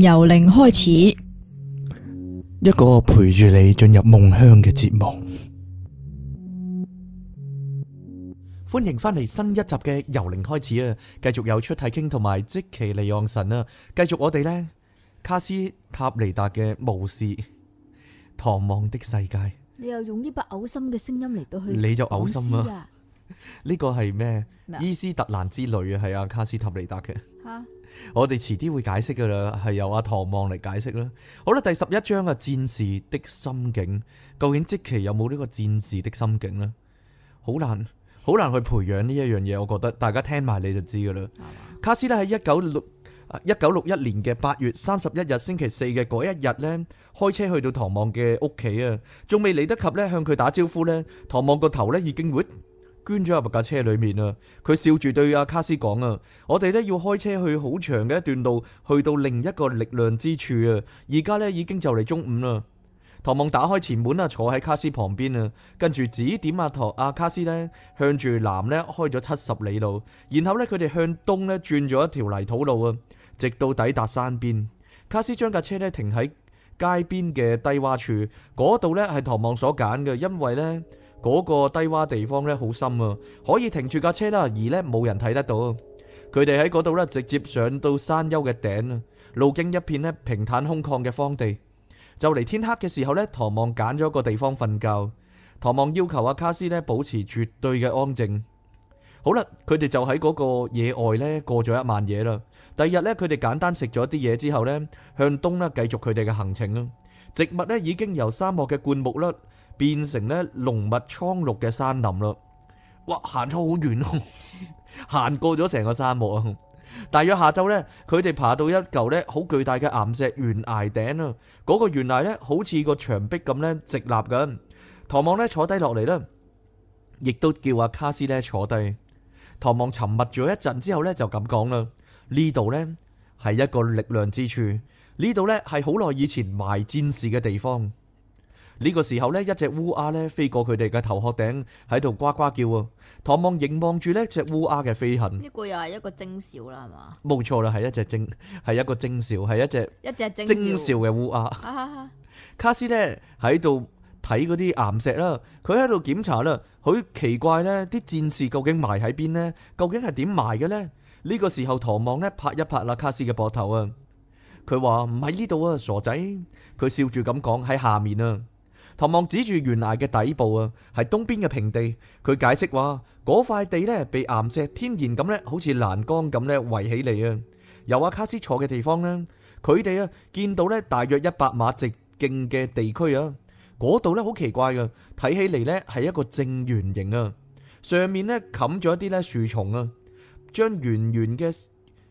零由零開始，一個陪住你進入夢鄉嘅節目。歡迎翻嚟新一集嘅由零開始啊！繼續有出體傾同埋即奇利昂神啊！繼續我哋呢，卡斯塔尼達嘅巫士，唐望的世界。你又用呢把嘔心嘅聲音嚟到去、啊，你就嘔心啦、啊！呢個係咩？麼伊斯特蘭之旅啊，係阿、啊、卡斯塔尼達嘅。我哋遲啲會解釋噶啦，係由阿唐望嚟解釋啦。好啦，第十一章啊，「戰士的心境」，究竟積奇有冇呢個戰士的心境呢？好難，好難去培養呢一樣嘢。我覺得大家聽埋你就知噶啦。卡斯拉喺一九六一九六一年嘅八月三十一日星期四嘅嗰一日呢，開車去到唐望嘅屋企啊，仲未嚟得及呢向佢打招呼呢。唐望個頭呢已經歪，捐咗入架車裏面啊。佢笑住對阿卡斯講啊：「我哋呢要開車去好長嘅一段路，去到另一個力量之處啊！而家呢已經就嚟中午啦。唐望打開前門啊，坐喺卡斯旁邊啊，跟住指點阿唐阿卡斯呢，向住南呢開咗七十里路，然後呢，佢哋向東呢轉咗一條泥土路啊，直到抵達山邊。卡斯將架車呢停喺街邊嘅低洼處，嗰度呢係唐望所揀嘅，因為呢。嗰個低窪地方咧，好深啊，可以停住架車啦，而咧冇人睇得到。佢哋喺嗰度咧，直接上到山丘嘅頂啦，路經一片咧平坦空曠嘅荒地，就嚟天黑嘅時候咧，唐望揀咗個地方瞓覺。唐望要求阿卡斯咧保持絕對嘅安靜。好啦，佢哋就喺嗰個野外咧過咗一晚夜啦。第二日咧，佢哋簡單食咗啲嘢之後咧，向東啦繼續佢哋嘅行程啦。植物咧已經由沙漠嘅灌木啦。變成咧濃密蒼綠嘅山林咯，哇！行咗好遠咯，行過咗成個沙漠。大約下晝咧，佢哋爬到一嚿咧好巨大嘅岩石懸崖頂啊！嗰個懸崖咧好似個牆壁咁咧直立嘅。唐望咧坐低落嚟啦，亦都叫阿卡斯咧坐低。唐望沉默咗一陣之後咧就咁講啦：呢度咧係一個力量之處，呢度咧係好耐以前埋戰士嘅地方。呢個時候呢一隻烏鴉咧飛過佢哋嘅頭殼頂，喺度呱呱叫啊！唐望凝望住呢隻烏鴉嘅飛行。呢個又係一個徵兆啦，係嘛？冇錯啦，係一隻徵，係一個徵兆，係一隻一隻徵兆嘅烏鴉。 卡斯呢，喺度睇嗰啲岩石啦，佢喺度檢查啦，佢奇怪呢，啲戰士究竟埋喺邊呢？究竟係點埋嘅呢？呢、呢個時候，唐望呢拍一拍啦卡斯嘅膊頭啊，佢話唔喺呢度啊，傻仔！佢笑住咁講喺下面啊。唐望指住懸崖嘅底部啊，係東邊嘅平地。佢解釋話，嗰塊地咧被岩石天然咁咧，好似欄杆咁咧圍起嚟啊。由阿卡斯坐嘅地方咧，佢哋啊見到咧大約一百碼直徑嘅地區啊，嗰度咧好奇怪噶，睇起嚟咧係一個正圓形啊，上面咧冚咗一啲咧樹叢啊，將圓圓嘅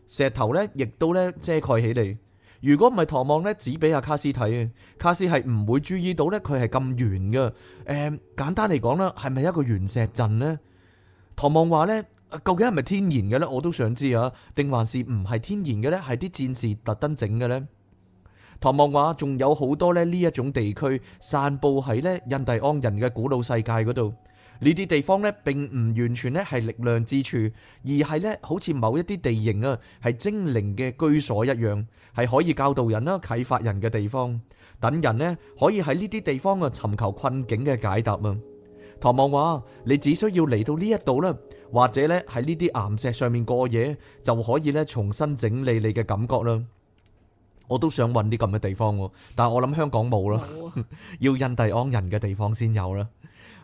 石頭咧亦都咧遮蓋起嚟。如果唔係唐望呢，只俾阿卡斯睇嘅，卡斯係唔會注意到呢，佢係咁圓嘅。誒，簡單嚟講呢，係咪一個原石陣呢？唐望話呢，究竟係咪天然嘅呢？我都想知啊，定還是唔係天然嘅呢？係啲戰士特登整嘅呢？唐望話仲有好多呢，呢一種地區散佈喺呢印第安人嘅古老世界嗰度。呢啲地方咧並唔完全咧係力量之處，而係咧好似某一啲地形啊，係精靈嘅居所一樣，係可以教導人啦、啟發人嘅地方，等人呢，可以喺呢啲地方啊尋求困境嘅解答啊。唐望話：你只需要嚟到呢一度啦，或者咧喺呢啲岩石上面過夜，就可以咧重新整理你嘅感覺啦。我都想揾啲咁嘅地方喎，但係我諗香港冇啦， 要印第安人嘅地方先有啦。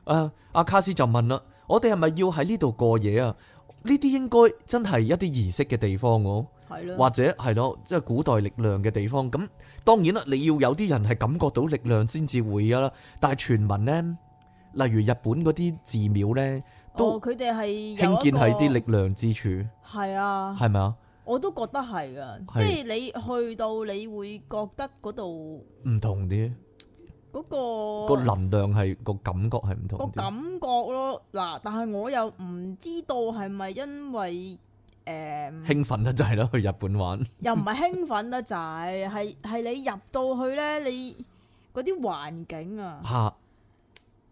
啊！阿卡斯就問啦：我哋係咪要喺呢度過夜啊？呢啲應該真係一啲儀式嘅地方喎，的或者係咯，即係、就是、古代力量嘅地方。咁當然啦，你要有啲人係感覺到力量先至會啊。但係傳聞呢，例如日本嗰啲寺廟呢，都佢哋係有興建喺啲力量之處，係啊的，係咪啊？我都覺得係噶，即係的你去到你會覺得嗰度唔同啲。嗰個能量係個感覺係唔同個感覺咯。嗱，但係我又唔知道係咪因為誒、嗯、興奮得滯咯，去日本玩 又唔係興奮得滯，係你入到去咧，你嗰啲環境啊嚇，哈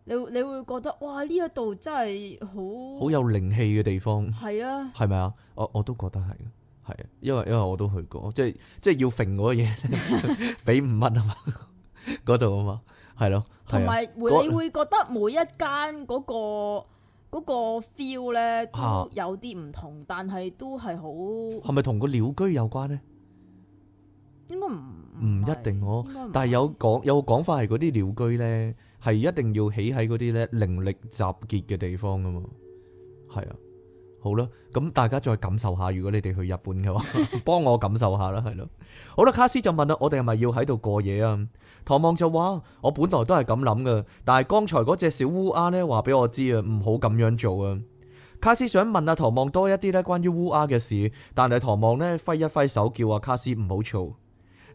你你會覺得哇呢一度真係好好有靈氣嘅地方係啊，係咪啊？我我都覺得係，係因為因為我都去過，即係即係要揈嗰嘢，俾五蚊啊嘛，嗰度啊嘛。係咯，同埋有那你會覺得每一間嗰、嗰個、嗰個 feel 咧都有啲唔同。啊、但係都係好係咪同個鳥居有關呢？應該唔唔一定我、哦，但係有講有個講法係嗰啲鳥居咧係一定要起喺嗰啲咧靈力集結嘅地方噶嘛，係啊。好啦，咁大家再感受下，如果你哋去日本嘅話，幫我感受下啦，係咯。好啦，卡斯就問啦，我哋係咪要喺度過夜啊？唐望就話，我本來都係咁諗噶，但係剛才嗰隻小烏鴉呢，話俾我知啊，唔好咁樣做啊。卡斯想問阿唐望多一啲呢，關於烏鴉嘅事，但係唐望呢揮一揮手叫阿卡斯唔好嘈。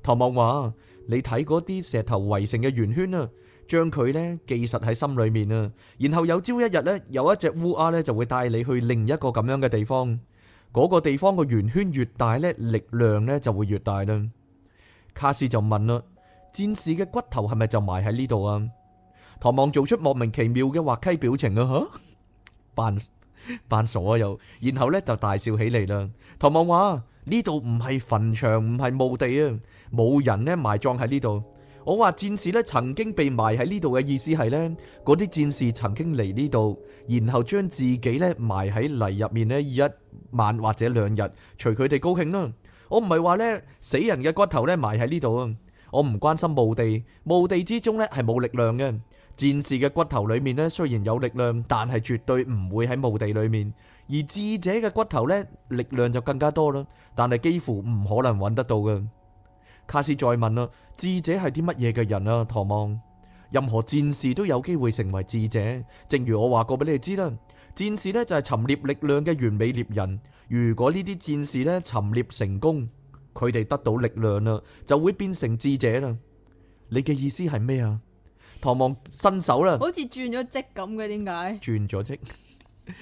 唐望話：你睇嗰啲石頭圍成嘅圓圈啊！將佢咧記實喺心裏面啊，然後有朝一日咧，有一隻烏鴉咧就會帶你去另一個咁樣嘅地方。嗰個地方個圓圈越大咧，力量咧就會越大啦。卡斯就問啦：戰士嘅骨頭係咪就埋喺呢度啊？唐望做出莫名其妙嘅滑稽表情啊，吓扮扮傻啊又，然後咧就大笑起嚟啦。唐望話：呢度唔係墳場，唔係墓地啊，冇人咧埋葬喺呢度。我話戰士咧曾經被埋喺呢度嘅意思係咧，嗰啲戰士曾經嚟呢度，然後將自己咧埋喺泥入面咧一晚或者兩日，隨佢哋高興啦。我唔係話咧死人嘅骨頭咧埋喺呢度啊，我唔關心墓地，墓地之中咧係冇力量嘅。戰士嘅骨頭裏面咧雖然有力量，但係絕對唔會喺墓地裏面。而智者嘅骨頭咧力量就更加多啦，但係幾乎唔可能揾得到嘅。卡斯再問啦，智者係啲乜嘢嘅人啊？唐望，任何戰士都有機會成為智者，正如我話過俾你哋知啦。戰士呢就係尋獵力量嘅完美獵人。如果呢啲戰士呢尋獵成功，佢哋得到力量啦，就會變成智者啦。你嘅意思係咩啊？唐望伸手啦，好似轉咗職咁嘅，點解？轉咗職。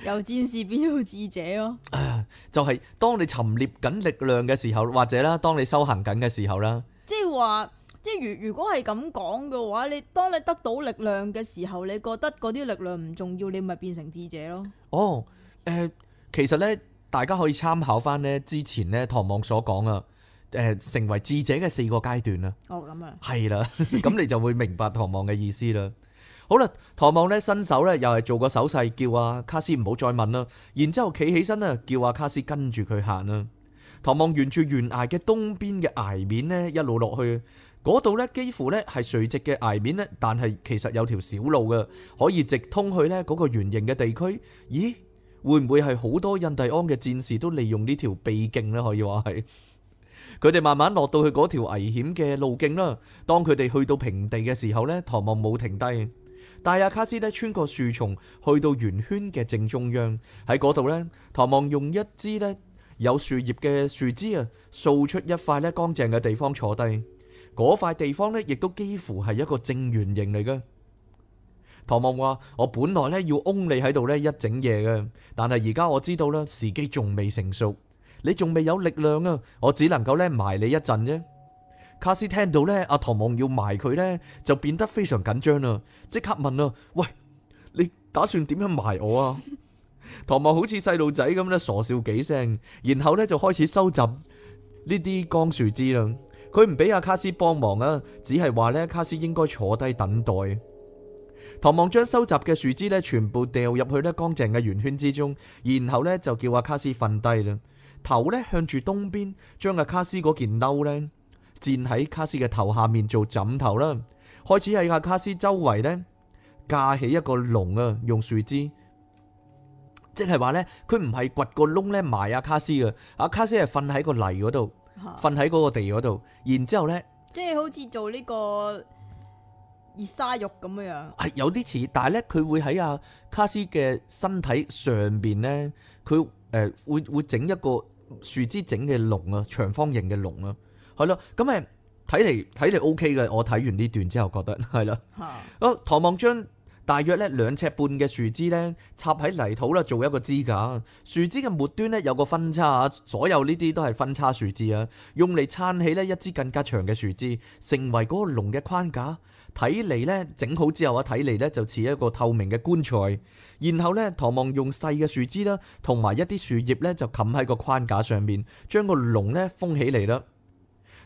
由戰士變做智者咯 ，就係、是、當你沉獵緊力量嘅時候，或者啦，當你修行緊嘅時候啦，即係話，即係如如果係咁講嘅話，你當你得到力量嘅時候，你覺得嗰啲力量唔重要，你咪變成智者咯。哦，誒、呃，其實呢，大家可以參考翻呢之前呢唐望所講啊，誒、呃，成為智者嘅四個階段、哦、啊。哦，咁啊。係啦，咁、 嗯、你就會明白唐望嘅意思啦。好啦，唐望咧伸手咧，又係做個手勢叫阿卡斯唔好再問啦。然之後企起身啦，叫阿卡斯跟住佢行啦。唐望沿住懸崖嘅東邊嘅崖面咧一路落去，嗰度咧幾乎咧係垂直嘅崖面咧，但係其實有條小路嘅，可以直通去咧嗰個圓形嘅地區。咦，會唔會係好多印第安嘅戰士都利用呢條秘徑咧？可以話係佢哋慢慢落到去嗰條危險嘅路徑啦。當佢哋去到平地嘅時候咧，唐望冇停低。但帶阿卡斯咧穿過樹叢去到圓圈嘅正中央，喺嗰度呢，唐望用一支咧有樹葉嘅樹枝啊，掃出一塊咧乾淨嘅地方坐低。嗰塊地方呢，亦都幾乎係一個正圓形嚟嘅。唐望話：我本來呢要嗡你喺度呢一整夜嘅，但係而家我知道呢時機仲未成熟，你仲未有力量啊，我只能夠咧埋你一陣啫。卡斯聽到咧、啊，阿唐望要埋佢咧，就變得非常緊張啦。即刻問啊，喂，你打算點樣埋我啊？唐望 好似細路仔咁咧，傻笑幾聲，然後咧就開始收集呢啲乾樹枝啦。佢唔俾阿卡斯幫忙啊，只係話咧，卡斯應該坐低等待。唐望將收集嘅樹枝咧，全部掉入去咧乾淨嘅圓圈之中，然後咧就叫阿、啊、卡斯瞓低啦，頭咧向住東邊，將阿、啊、卡斯嗰件褸咧。墊喺卡斯嘅頭下面做枕頭啦，開始喺阿卡斯周圍呢，架起一個籠啊，用樹枝，即係話呢，佢唔係掘個窿呢埋阿卡斯嘅，阿卡斯係瞓喺個泥嗰度，瞓喺嗰個地嗰度。然之後咧，即係好似做呢個熱沙浴咁樣樣，係有啲似，但係呢，佢會喺阿卡斯嘅身體上邊呢，佢，誒會會整一個樹枝整嘅籠啊，長方形嘅籠啊。係咯，咁誒睇嚟睇嚟 O K 嘅。我睇完呢段之後，覺得係啦。哦， 唐望將大約呢兩尺半嘅樹枝呢插喺泥土啦，做一個支架。樹枝嘅末端呢有個分叉啊，所有呢啲都係分叉樹枝啊，用嚟撐起呢一支更加長嘅樹枝，成為嗰個籠嘅框架。睇嚟呢，整好之後啊，睇嚟呢，就似一個透明嘅棺材。然後呢，唐望用細嘅樹枝啦，同埋一啲樹葉呢，就冚喺個框架上面，將個籠呢封起嚟啦。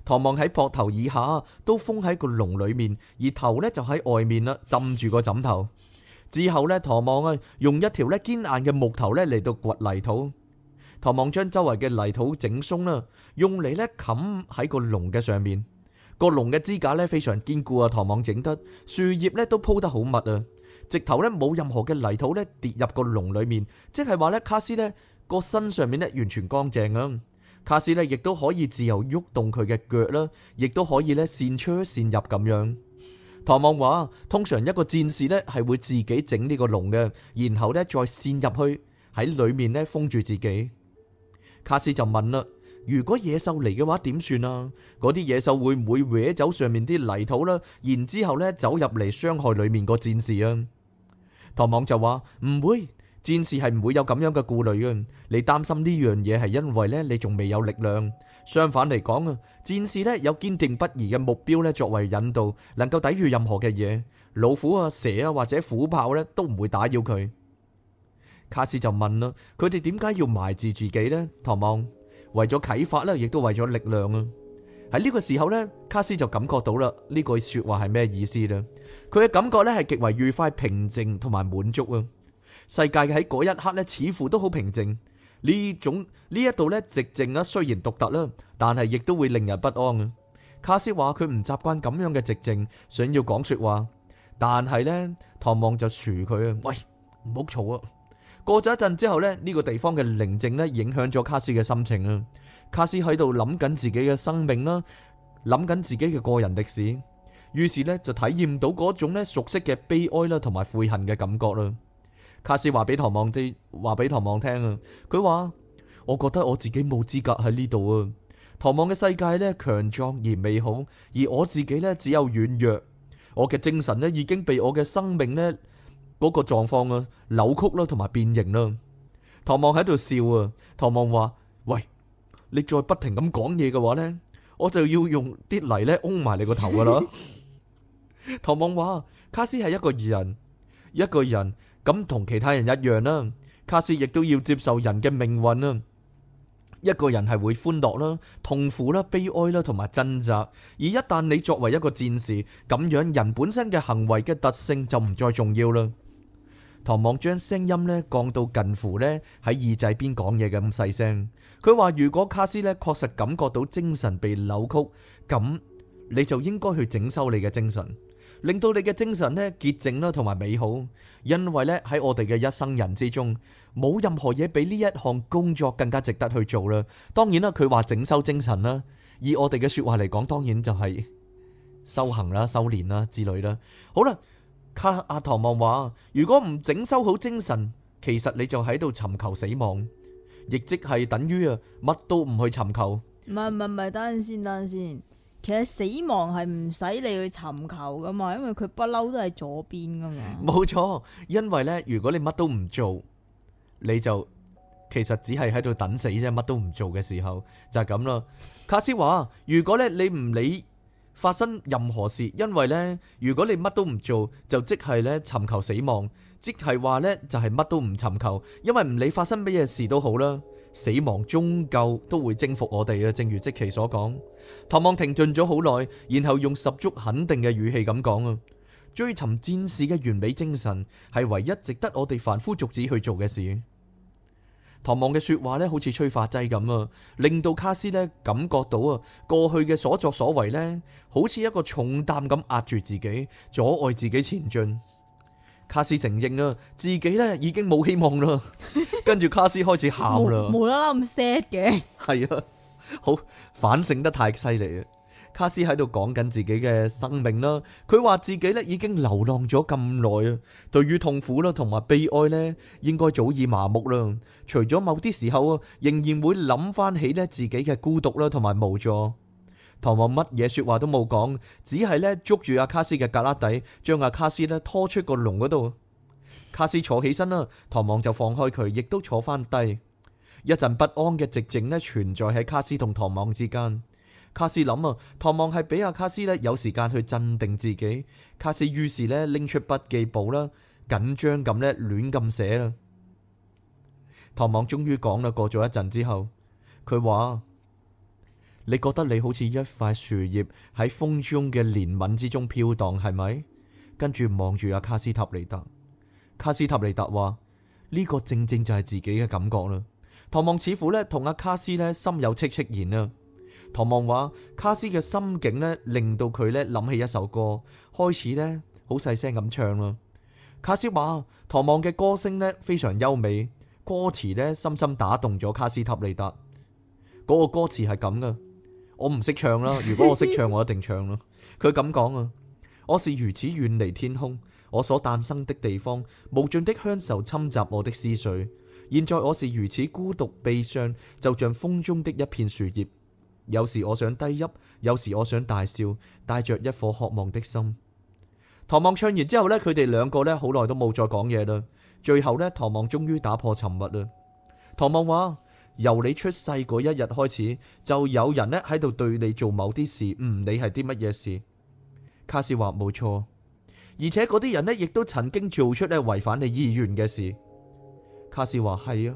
唐望喺膊頭以下都封喺個籠裏面，而頭呢就喺外面啦，浸住個枕頭。之後呢，唐望啊用一條咧堅硬嘅木頭咧嚟到掘泥土。唐望將周圍嘅泥土整鬆啦，用嚟咧冚喺個籠嘅上面。個籠嘅支架咧非常堅固啊，唐望整得樹葉咧都鋪得好密啊，直頭咧冇任何嘅泥土咧跌入個籠裏面，即係話咧卡斯咧個身上面咧完全乾淨啊。卡斯咧亦都可以自由喐動佢嘅腳啦，亦都可以咧，線出線入咁樣。唐望話：通常一個戰士咧係會自己整呢個籠嘅，然後咧再線入去喺裏面咧封住自己。卡斯就問啦：如果野獸嚟嘅話點算啊？嗰啲野獸會唔會搣走上面啲泥土啦？然之後咧走入嚟傷害裏面個戰士啊？唐望就話：唔會。戰士係唔會有咁樣嘅顧慮啊！你擔心呢樣嘢，係因為咧，你仲未有力量。相反嚟講啊，戰士咧有堅定不移嘅目標咧作為引導，能夠抵御任何嘅嘢，老虎啊、蛇啊或者虎豹咧都唔會打擾佢。卡斯就問啦：佢哋點解要埋住自己咧？唐望為咗啟發咧，亦都為咗力量啊！喺呢個時候咧，卡斯就感覺到啦呢句說話係咩意思啦。佢嘅感覺咧係極為愉快、平靜同埋滿足啊！世界喺嗰一刻咧，似乎都好平靜。呢種呢一度咧寂靜啊，雖然獨特啦，但係亦都會令人不安啊。卡斯話佢唔習慣咁樣嘅寂靜，想要講說話，但係呢，唐望就除佢啊，喂，唔好嘈啊。過咗一陣之後呢，呢、呢個地方嘅寧靜咧影響咗卡斯嘅心情啊。卡斯喺度諗緊自己嘅生命啦，諗緊自己嘅個人歷史，於是呢，就體驗到嗰種咧熟悉嘅悲哀啦，同埋悔恨嘅感覺啦。卡斯話俾唐望知，話俾唐望聽啊！佢話：我覺得我自己冇資格喺呢度啊！唐望嘅世界咧強壯而美好，而我自己咧只有軟弱。我嘅精神咧已經被我嘅生命咧嗰個狀況啊扭曲啦，同埋變形啦。唐望喺度笑啊！唐望話：喂，你再不停咁講嘢嘅話呢，我就要用啲泥呢擁埋你個頭噶啦！唐望話：卡斯係一個人，一個人。咁同其他人一樣啦，卡斯亦都要接受人嘅命運啦。一個人係會歡樂啦、痛苦啦、悲哀啦同埋掙扎。而一旦你作為一個戰士，咁樣人本身嘅行為嘅特性就唔再重要啦。唐望將聲音呢降到近乎呢喺耳仔邊講嘢嘅咁細聲，佢話如果卡斯呢確實感覺到精神被扭曲，咁你就應該去整修你嘅精神。令到你嘅精神呢潔淨啦，同埋美好，因為呢喺我哋嘅一生人之中，冇任何嘢比呢一項工作更加值得去做啦。當然啦，佢話整修精神啦，以我哋嘅說話嚟講，當然就係、是、修行啦、修煉啦之類啦。好啦，卡阿、啊、唐望話，如果唔整修好精神，其實你就喺度尋求死亡，亦即係等於啊，乜都唔去尋求。唔係唔係唔係，等先等先。等等。其實死亡係唔使你去尋求噶嘛，因為佢不嬲都係左邊噶嘛。冇錯，因為呢，如果你乜都唔做，你就其實只係喺度等死啫。乜都唔做嘅時候就係咁啦。卡斯話，如果咧你唔理發生任何事，因為呢，如果你乜都唔做，就即係咧尋求死亡，即係話呢，就係乜都唔尋求，因為唔理發生乜嘢事都好啦。死亡終究都會征服我哋啊！正如即其所講，唐望停頓咗好耐，然後用十足肯定嘅語氣咁講啊：追尋戰士嘅完美精神係唯一值得我哋凡夫俗子去做嘅事。唐望嘅說話呢，好似催化劑咁啊，令到卡斯呢感覺到啊，過去嘅所作所為呢，好似一個重擔咁壓住自己，阻礙自己前進。卡斯承認啊，自己咧已經冇希望啦。跟住卡斯開始喊啦，無啦啦咁 sad 嘅。係啊，好反省得太犀利啊。卡斯喺度講緊自己嘅生命啦，佢話自己咧已經流浪咗咁耐啊。對於痛苦啦，同埋悲哀咧，應該早已麻木啦。除咗某啲時候啊，仍然會諗翻起咧自己嘅孤獨啦，同埋無助。唐望乜嘢說話都冇講，只係咧捉住阿卡斯嘅格拉底，將阿卡斯咧拖出個籠嗰度。卡斯坐起身啦，唐望就放開佢，亦都坐翻低。一陣不安嘅寂靜咧存在喺卡斯同唐望之間。卡斯諗啊，唐望係俾阿卡斯咧有時間去鎮定自己。卡斯於是咧拎出筆記簿啦，緊張咁咧亂咁寫啦。唐望終於講啦，過咗一陣之後，佢話。你覺得你好似一塊樹葉喺風中嘅憐憫之中飄蕩，係咪？跟住望住阿卡斯塔利達，卡斯塔利達話呢個正正就係自己嘅感覺啦。唐望似乎呢同阿卡斯呢心有戚戚然啦。唐望話卡斯嘅心境呢令到佢呢諗起一首歌，開始呢好細聲咁唱啦。卡斯話唐望嘅歌聲呢非常優美，歌詞呢深深打動咗卡斯塔利達。嗰、那個歌詞係咁噶。我唔識唱啦，如果我識唱，我一定唱咯。佢咁講啊， 我是如此遠離天空，我所誕生的地方，無盡的鄉愁侵襲我的思緒。現在我是如此孤獨悲傷，就像風中的一片樹葉。有時我想低泣，有時我想大笑，帶着一顆渴望的心。唐望唱完之後呢，佢哋兩個呢，好耐都冇再講嘢啦。最後呢，唐望終於打破沉默啦。唐望話。由你出世嗰一日開始，就有人咧喺度對你做某啲事，唔理係啲乜嘢事。卡斯話冇錯，而且嗰啲人呢，亦都曾經做出咧違反你意願嘅事。卡斯話係啊，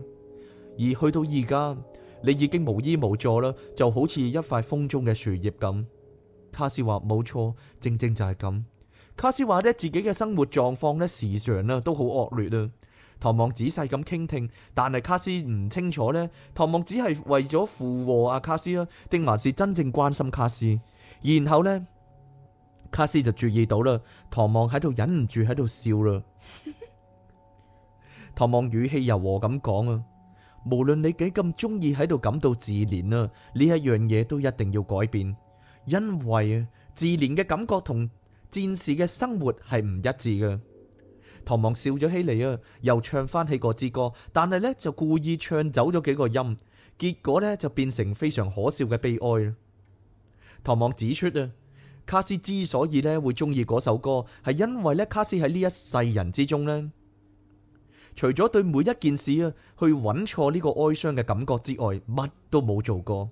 而去到而家，你已經無依無助啦，就好似一塊風中嘅樹葉咁。卡斯話冇錯，正正就係咁。卡斯話咧自己嘅生活狀況呢，時常咧都好惡劣啊。唐望仔細咁傾聽，但係卡斯唔清楚呢。唐望只係為咗附和阿卡斯啊，定還是真正關心卡斯？然後呢，卡斯就注意到啦，唐望喺度忍唔住喺度笑啦。唐望 語氣柔和咁講啊，無論你幾咁中意喺度感到自憐啊，呢一樣嘢都一定要改變，因為啊，自憐嘅感覺同戰士嘅生活係唔一致嘅。唐望笑咗起嚟啊，又唱翻起嗰支歌，但係呢就故意唱走咗幾個音，結果呢就變成非常可笑嘅悲哀啦。唐望指出啊，卡斯之所以呢會中意嗰首歌，係因為呢卡斯喺呢一世人之中，呢除咗對每一件事啊去揾錯呢個哀傷嘅感覺之外，乜都冇做過。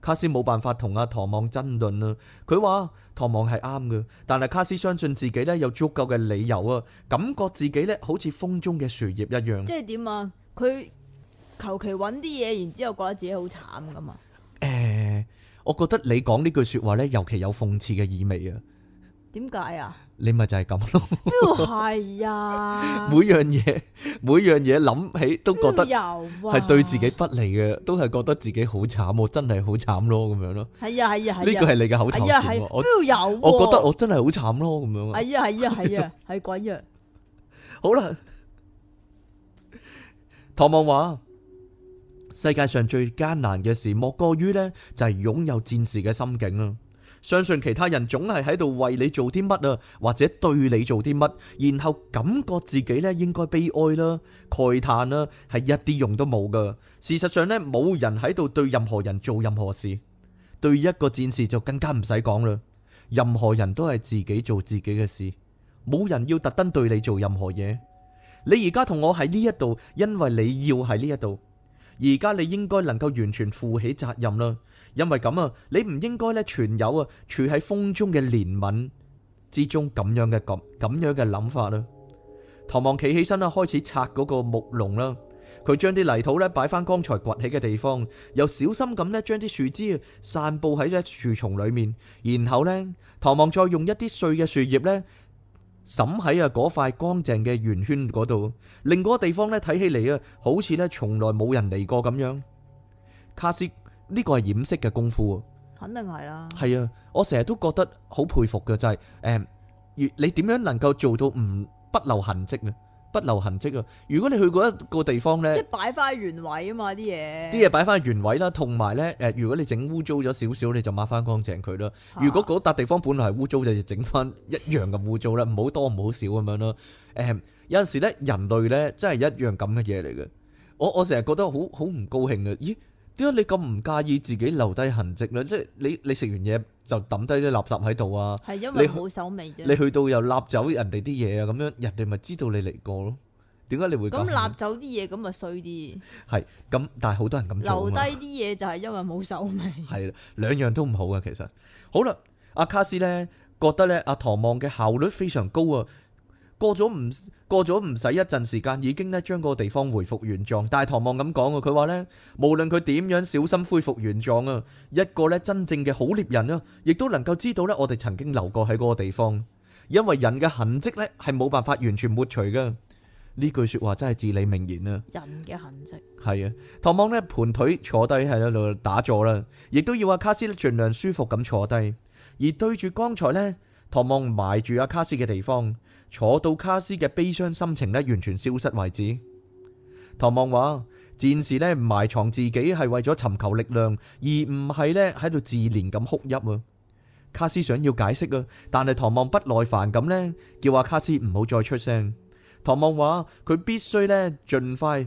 卡斯冇辦法同阿唐望爭論啦，佢話唐望係啱嘅，但係卡斯相信自己咧有足夠嘅理由啊，感覺自己咧好似風中嘅樹葉一樣。即係點啊？佢求其揾啲嘢，然之後覺得自己好慘噶嘛？誒、欸，我覺得你講呢句說話咧，尤其有諷刺嘅意味啊？點解啊？你咪就係咁咯，都係呀。每樣嘢，每樣嘢諗起都覺得係對自己不利嘅，都係覺得自己好慘，真係好慘咯，咁樣咯。係呀係呀係呀，呢個係你嘅口頭禪。我有，我覺得我真係好慘咯，咁樣。係呀係呀係呀，係鬼呀。好啦，唐望話：世界上最艱難嘅事，莫過於咧就係擁有戰士嘅心境咯。相信其他人總係喺度為你做啲乜啊，或者對你做啲乜，然後感覺自己呢應該悲哀啦、慨嘆啦，係一啲用都冇㗎。事實上呢，冇人喺度對任何人做任何事，對一個戰士就更加唔使講啦。任何人都係自己做自己嘅事，冇人要特登對你做任何嘢。你而家同我喺呢一度，因為你要喺呢一度。而家你應該能夠完全負起責任啦，因為咁啊，你唔應該咧存有啊處喺風中嘅憐憫之中咁樣嘅咁咁樣嘅諗法啦。唐望企起身啦，開始拆嗰個木籠啦。佢將啲泥土咧擺翻剛才掘起嘅地方，又小心咁咧將啲樹枝散布喺只樹叢裏面，然後咧唐望再用一啲碎嘅樹葉咧。滲喺啊嗰塊乾淨嘅圓圈嗰度，令嗰個地方咧睇起嚟啊，好似咧從來冇人嚟過咁樣。卡斯，呢個係掩飾嘅功夫，肯定係啦。係啊，我成日都覺得好佩服嘅就係，誒，越你點樣能夠做到唔不留痕迹呢？不留痕跡啊！如果你去過一個地方咧，即係擺翻原位啊嘛啲嘢，啲嘢擺翻原位啦，同埋咧，誒，如果你整污糟咗少少，你就抹翻乾淨佢咯。啊、如果嗰笪地方本來係污糟，就要整翻一樣嘅污糟啦，唔好 多唔好少咁樣咯。誒、嗯，有陣時咧，人類咧，真係一樣咁嘅嘢嚟嘅。我我成日覺得好好唔高興啊！咦？點解你咁唔介意自己留低痕迹咧？即係你你食完嘢就抌低啲垃圾喺度啊！係因為冇手尾啫。你去到又擸走人哋啲嘢啊，咁樣人哋咪知道你嚟過咯。點解你會咁擸走啲嘢？咁咪衰啲。係咁，但係好多人咁做啊。留低啲嘢就係因為冇手尾。係啦，兩樣都唔好噶，其實。好啦，阿卡斯咧覺得咧阿唐望嘅效率非常高啊。過咗唔，過咗唔使一陣時間，已經呢將嗰個地方恢復原狀。但係唐望咁講，佢話呢，無論佢點樣小心恢復原狀啊，一個呢真正嘅好獵人啊，亦都能夠知道呢，我哋曾經留過喺嗰個地方，因為人嘅痕迹呢係冇辦法完全抹除嘅。呢句說話真係至理名言啊！人嘅痕迹係啊，唐望呢盤腿坐低喺度打坐啦，亦都要阿卡斯呢盡量舒服咁坐低，而對住剛才呢，唐望埋住阿卡斯嘅地方。坐到卡斯嘅悲傷心情咧，完全消失為止。唐望話：戰士呢，埋藏自己係為咗尋求力量，而唔係呢喺度自憐咁哭泣。卡斯想要解釋啊，但係唐望不耐煩咁呢，叫阿卡斯唔好再出聲。唐望話：佢必須呢，盡快。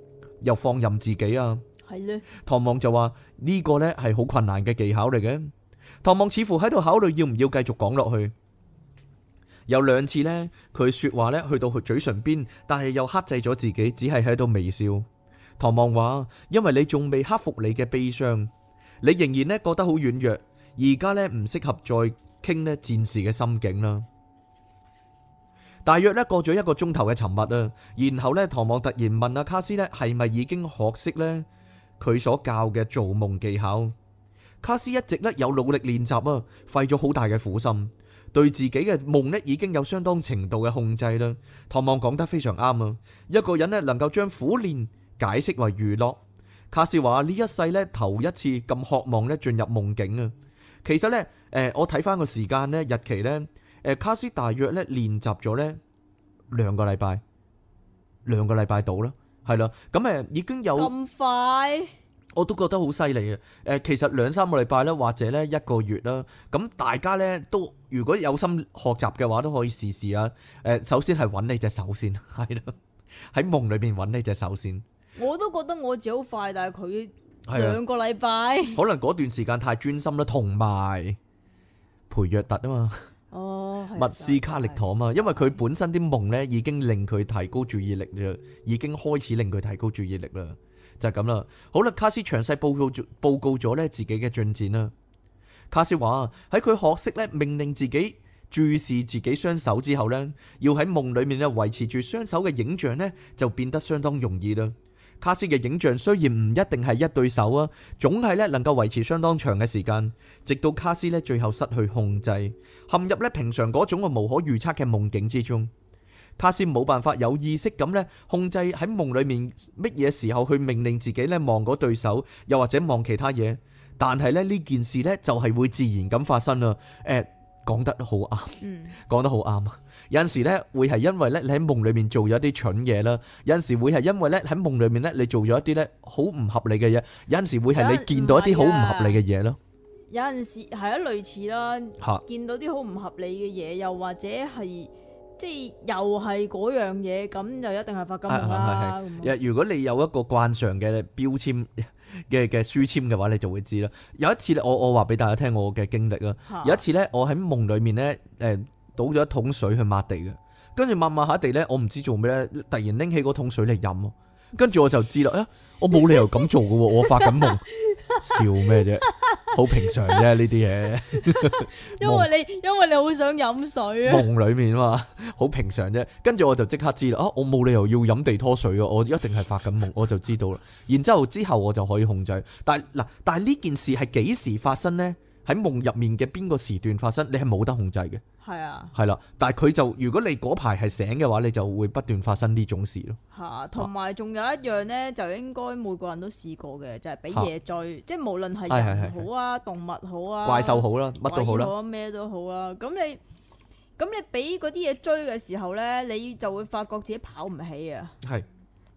又放任自己啊，係咧。唐望就話呢個呢係好困難嘅技巧嚟嘅。唐望似乎喺度考慮要唔要繼續講落去。有兩次呢，佢說話呢去到佢嘴唇邊，但係又克制咗自己，只係喺度微笑。唐望話：因為你仲未克服你嘅悲傷，你仍然呢覺得好軟弱，而家呢唔適合再傾呢戰士嘅心境啦。大約咧過咗一個鐘頭嘅沉默啊，然後咧，唐望突然問阿卡斯咧係咪已經學識咧佢所教嘅造夢技巧？卡斯一直咧有努力練習啊，費咗好大嘅苦心，對自己嘅夢呢已經有相當程度嘅控制啦。唐望講得非常啱啊，一個人呢能夠將苦練解釋為娛樂。卡斯話呢一世呢，頭一次咁渴望咧進入夢境啊。其實呢，誒、呃，我睇翻個時間呢，日期呢。誒卡斯大約咧練習咗咧兩個禮拜，兩個禮拜到啦，係啦。咁誒已經有咁快，我都覺得好犀利啊！誒，其實兩三個禮拜啦，或者咧一個月啦。咁大家咧都如果有心學習嘅話，都可以試試啊。誒，首先係揾你隻手先，係咯，喺夢裏邊揾你隻手先。我都覺得我自己好快，但係佢兩個禮拜，可能嗰段時間太專心啦，同埋培約特啊嘛。哦。密斯卡力妥啊嘛，因為佢本身啲夢咧已經令佢提高注意力，就已經開始令佢提高注意力啦，就係咁啦。好啦，卡斯詳細報告報告咗咧自己嘅進展啦。卡斯話喺佢學識咧命令自己注視自己雙手之後呢，要喺夢裏面咧維持住雙手嘅影像呢，就變得相當容易啦。卡斯嘅影像雖然唔一定係一對手啊，總係咧能夠維持相當長嘅時間，直到卡斯咧最後失去控制，陷入咧平常嗰種嘅無可預測嘅夢境之中。卡斯冇辦法有意識咁咧控制喺夢裏面乜嘢時候去命令自己咧望嗰對手，又或者望其他嘢，但係咧呢件事咧就係會自然咁發生啊！誒、欸，講得好啱，講得好啱。有陣時咧，會係因為咧，你喺夢裏面做咗啲蠢嘢啦。有陣時會係因為咧，喺夢裏面咧，你做咗一啲咧好唔合理嘅嘢。有陣時會係你見到一啲好唔合理嘅嘢咯。有陣時係啊，類似啦，見到啲好唔合理嘅嘢，又或者係即係又係嗰樣嘢，咁就一定係發金啦。係係係。咁如果你有一個慣常嘅標籤嘅嘅書籤嘅話，你就會知啦。有一次咧，我我話俾大家聽我嘅經歷啦。有一次咧，我喺夢裏面咧，誒。倒咗一桶水去抹地嘅，跟住抹抹下地咧，我唔知做咩咧，突然拎起嗰桶水嚟飲咯，跟住我就知啦，啊，我冇理由咁做嘅喎，我發緊夢，笑咩啫？好平常啫呢啲嘢，因為你因為你好想飲水啊，夢裏面啊嘛，好平常啫。跟住我就即刻知啦，啊，我冇理由要飲地拖水嘅，我一定係發緊夢，我就知道啦。然之後之後我就可以控制，但係嗱，但係呢件事係幾時發生咧？喺夢入面嘅邊個時段發生，你係冇得控制嘅。係啊。係啦，但係佢就如果你嗰排係醒嘅話，你就會不斷發生呢種事咯。嚇！同埋仲有一樣咧，就應該每個人都試過嘅，就係俾嘢追，即係無論係人好啊、動物好啊、怪獸好啦、乜都好啦、咩都好啦。咁你咁你俾嗰啲嘢追嘅時候咧，你就會發覺自己跑唔起啊。係。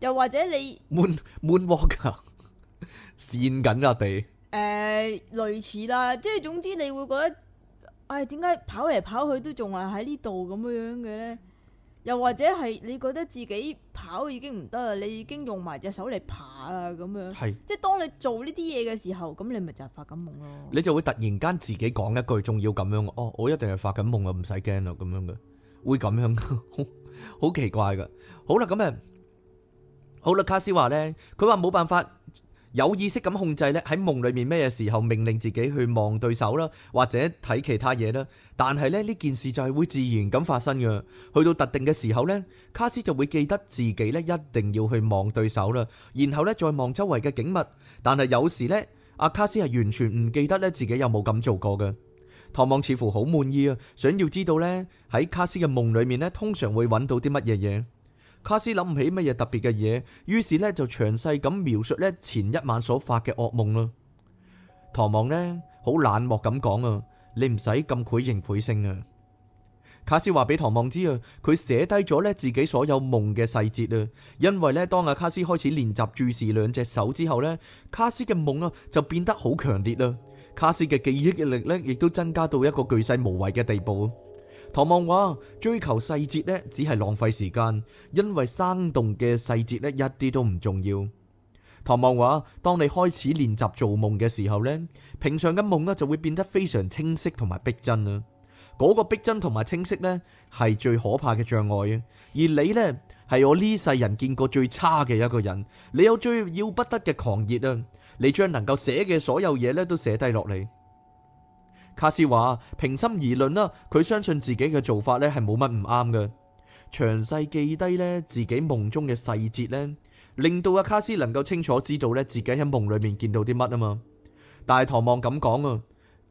又或者你，Moon Moonwalk 啊！跣緊啊地！誒、呃，類似啦，即係總之你會覺得，唉、哎，點解跑嚟跑去都仲係喺呢度咁樣嘅咧？又或者係你覺得自己跑已經唔得啦，你已經用埋隻手嚟爬啦咁樣，是即係當你做呢啲嘢嘅時候，咁你咪就係發緊夢咯。你就會突然間自己講一句，仲要咁樣，哦，我一定係發緊夢啊，唔使驚啦，咁樣嘅，會咁樣， 好，好奇怪噶。好啦，咁啊，好啦，卡斯話呢，佢話冇辦法。有意識咁控制咧，喺夢裏面咩嘢時候命令自己去望對手啦，或者睇其他嘢啦。但係咧呢件事就係會自然咁發生嘅。去到特定嘅時候呢，卡斯就會記得自己咧一定要去望對手啦，然後呢再望周圍嘅景物。但係有時呢，阿卡斯係完全唔記得咧自己有冇咁做過嘅。唐望似乎好滿意啊，想要知道呢喺卡斯嘅夢裏面呢，通常會揾到啲乜嘢嘢。卡斯諗唔起乜嘢特別嘅嘢，於是咧就詳細咁描述咧前一晚所發嘅噩夢咯。唐望呢好冷漠咁講啊，你唔使咁愧認悔性啊。卡斯話俾唐望知啊，佢寫低咗咧自己所有夢嘅細節啊，因為咧當阿卡斯開始練習注視兩隻手之後咧，卡斯嘅夢啊就變得好強烈啦。卡斯嘅記憶力咧亦都增加到一個巨細無遺嘅地步。唐望話：追求細節呢，只係浪費時間，因為生動嘅細節呢，一啲都唔重要。唐望話：當你開始練習做夢嘅時候呢，平常嘅夢呢，就會變得非常清晰同埋逼真啦。嗰個逼真同埋清晰呢，係最可怕嘅障礙啊！而你呢，係我呢世人見過最差嘅一個人，你有最要不得嘅狂熱啊！你將能夠寫嘅所有嘢呢，都寫低落嚟。卡斯話：平心而論啦，佢相信自己嘅做法咧係冇乜唔啱嘅。詳細記低咧自己夢中嘅細節咧，令到阿卡斯能夠清楚知道咧自己喺夢裏面見到啲乜啊嘛。大唐望咁講啊，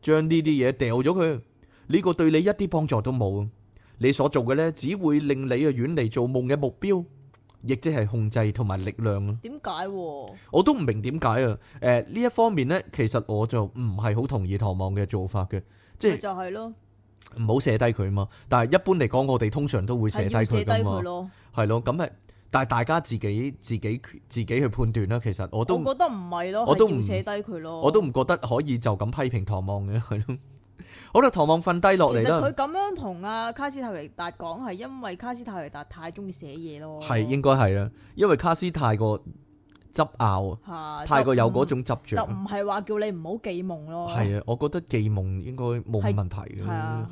將呢啲嘢掉咗佢，呢、呢個對你一啲幫助都冇，你所做嘅呢，只會令你啊遠離做夢嘅目標。亦即係控制同埋力量咯。點解？我都唔明點解啊！誒、呃、呢一方面咧，其實我就唔係好同意唐望嘅做法嘅，即係就係咯，唔好寫低佢嘛。但係一般嚟講，我哋通常都會寫低佢噶嘛。係咯，咁係，但係大家自己自己自己去判斷啦。其實我都我覺得唔係咯我，我都唔寫低佢咯，我都唔覺得可以就咁批評唐望嘅係咯。好啦，唐望瞓低落嚟啦。其實佢咁樣同阿卡斯泰利達講係因為卡斯泰利達太中意寫嘢咯。係應該係啦，因為卡斯太過執拗，啊、太過有嗰種執著。就唔係話叫你唔好記夢咯。係啊，我覺得記夢應該冇問題嘅。係咯、啊。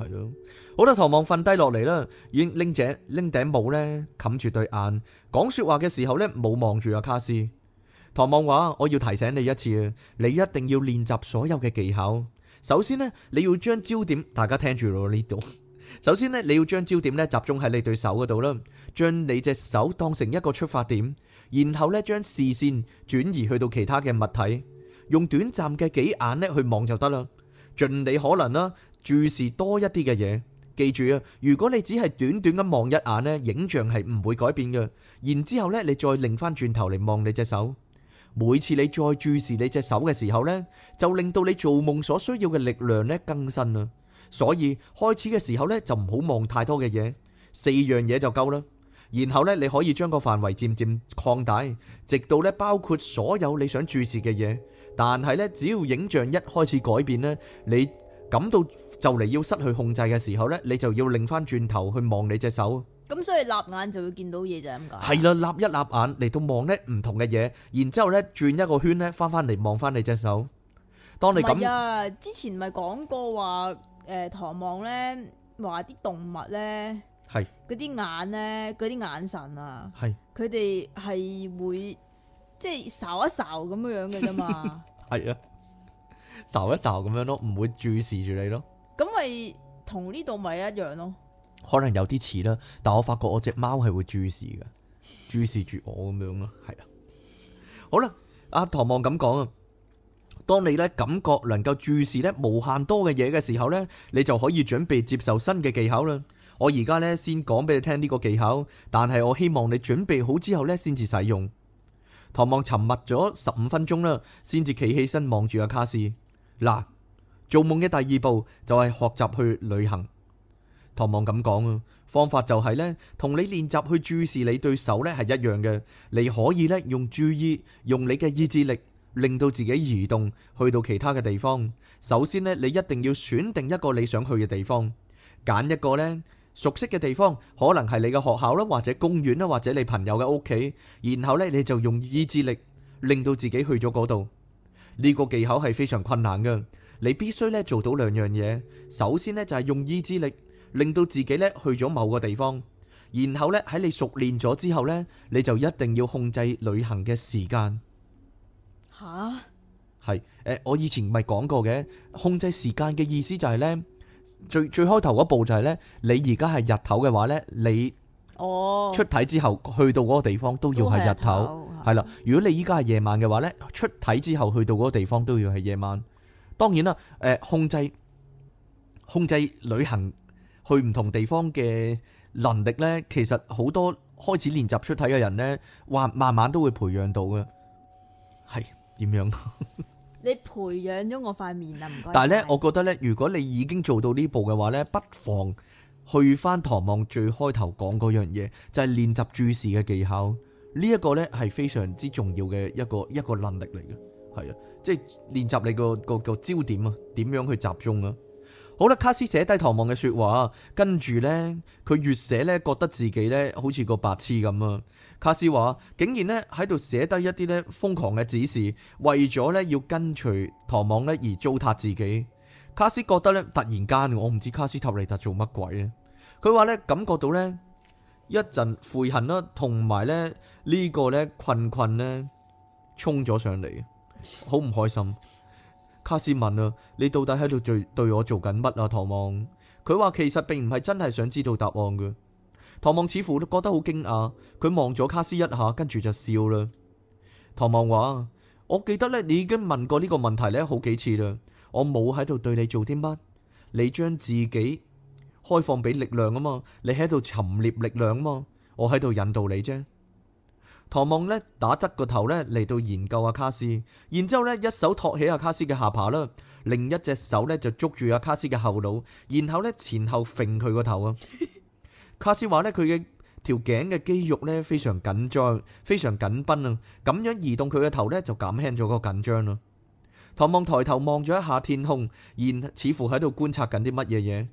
好啦，唐望瞓低落嚟啦，然拎住拎頂帽咧，冚住對眼。講說話嘅時候咧，冇望住阿卡斯。唐望話：我要提醒你一次啊，你一定要練習所有嘅技巧。首先呢，你要將焦點，大家聽住咯呢度。首先呢，你要將焦點呢集中喺你對手嗰度啦，將你隻手當成一個出發點，然後呢，將視線轉移去到其他嘅物體，用短暫嘅幾眼呢去望就得啦。盡你可能啦，注視多一啲嘅嘢。記住啊，如果你只係短短噉望一眼呢，影像係唔會改變嘅。然之後呢，你再擰翻轉頭嚟望你隻手。每次你再注視你隻手嘅時候呢，就令到你做夢所需要嘅力量呢更新啦。所以開始嘅時候呢，就唔好望太多嘅嘢，四樣嘢就夠啦。然後呢，你可以將個範圍漸漸擴大，直到呢包括所有你想注視嘅嘢。但係呢，只要影像一開始改變呢，你感到就嚟要失去控制嘅時候呢，你就要擰翻轉頭去望你隻手。咁所以立眼就會見到嘢，就係咁解。係啦的，立一立眼嚟到望咧唔同嘅嘢，然之後咧轉一個圈咧翻翻嚟望翻你隻手。當你咁、啊，之前咪講過話誒、呃，唐望咧話啲動物咧，係嗰啲眼咧，嗰啲眼神啊，係佢哋係會即係睄一睄咁樣樣嘅啫嘛。係啊， 睄一睄咁樣咯，唔會注視住你咯。咁咪同呢度咪一樣咯。可能有啲似啦，但我發覺我隻貓係會注視嘅，注視住我咁樣咯，係啊。好啦，阿唐望咁講啊，當你呢感覺能夠注視呢無限多嘅嘢嘅時候呢，你就可以準備接受新嘅技巧啦。我而家呢先講俾你聽呢個技巧，但係我希望你準備好之後呢先至使用。唐望沉默咗十五分鐘啦，先至企起身望住阿卡斯。嗱，做夢嘅第二步就係學習去旅行。唐望咁講啊，方法就係呢，同你練習去注視你對手呢係一樣嘅。你可以呢用注意，用你嘅意志力，令到自己移動去到其他嘅地方。首先呢，你一定要選定一個你想去嘅地方，揀一個呢熟悉嘅地方，可能係你嘅學校啦，或者公園啦，或者你朋友嘅屋企。然後呢，你就用意志力令到自己去咗嗰度。呢個技巧係非常困難嘅，你必須呢做到兩樣嘢。首先呢就係用意志力。令到自己咧去咗某個地方，然後呢喺你熟練咗之後呢，你就一定要控制旅行嘅時間。吓哈，係誒、呃，我以前咪係講過嘅，控制時間嘅意思就係、是、呢最最開頭嗰步就係、是、呢你而家係日頭嘅話呢，你哦出體之後去到嗰個地方都要係日頭，係啦、哦。的的如果你依家係夜晚嘅話呢，出體之後去到嗰個地方都要係夜晚。當然啦，誒、呃，控制控制旅行。去唔同地方嘅能力呢，其實好多開始練習出體嘅人呢，話慢慢都會培養到嘅。係點樣？ 你培養咗我塊面啦，唔該。但係呢，我覺得呢，如果你已經做到呢步嘅話呢，不妨去翻唐望最開頭講嗰樣嘢，就係練習注視嘅技巧。呢一個呢，係非常之重要嘅一個一個能力嚟嘅，係啊，即係練習你個個個焦點啊，點樣去集中啊？好啦，卡斯寫低唐望嘅說話，跟住呢，佢越寫呢，覺得自己呢，好似個白痴咁啊！卡斯話，竟然呢，喺度寫低一啲呢瘋狂嘅指示，為咗呢要跟隨唐望呢而糟蹋自己。卡斯覺得呢，突然間我唔知卡斯塔利達做乜鬼啊！佢話呢，感覺到呢，一陣悔恨啦，同埋呢，呢、呢個呢，困困呢，衝咗上嚟，好唔開心。卡斯問啊，你到底喺度對對我做緊乜啊？唐望佢話其實並唔係真係想知道答案嘅。唐望似乎都覺得好驚訝，佢望咗卡斯一下，跟住就笑啦。唐望話：我記得咧，你已經問過呢個問題咧好幾次啦，我冇喺度對你做啲乜，你將自己開放俾力量啊嘛，你喺度尋獵力量啊嘛，我喺度引導你啫。唐望咧打側個頭咧嚟到研究阿卡斯，然之後咧一手托起阿卡斯嘅下巴啦，另一隻手咧就捉住阿卡斯嘅後腦，然後咧前後揈佢個頭啊。 卡斯話咧佢嘅條頸嘅肌肉咧非常緊張，非常緊繃啊，咁樣移動佢嘅頭呢就減輕咗嗰個緊張啦。唐望抬頭望咗一下天空，然似乎喺度觀察緊啲乜嘢嘢，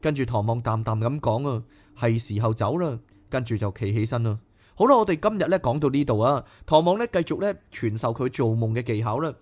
跟住唐望淡淡咁講啊，係時候走啦，跟住就企起身啦。好啦，我哋今日咧講到呢度啊，唐望咧繼續咧傳授佢做夢嘅技巧啦。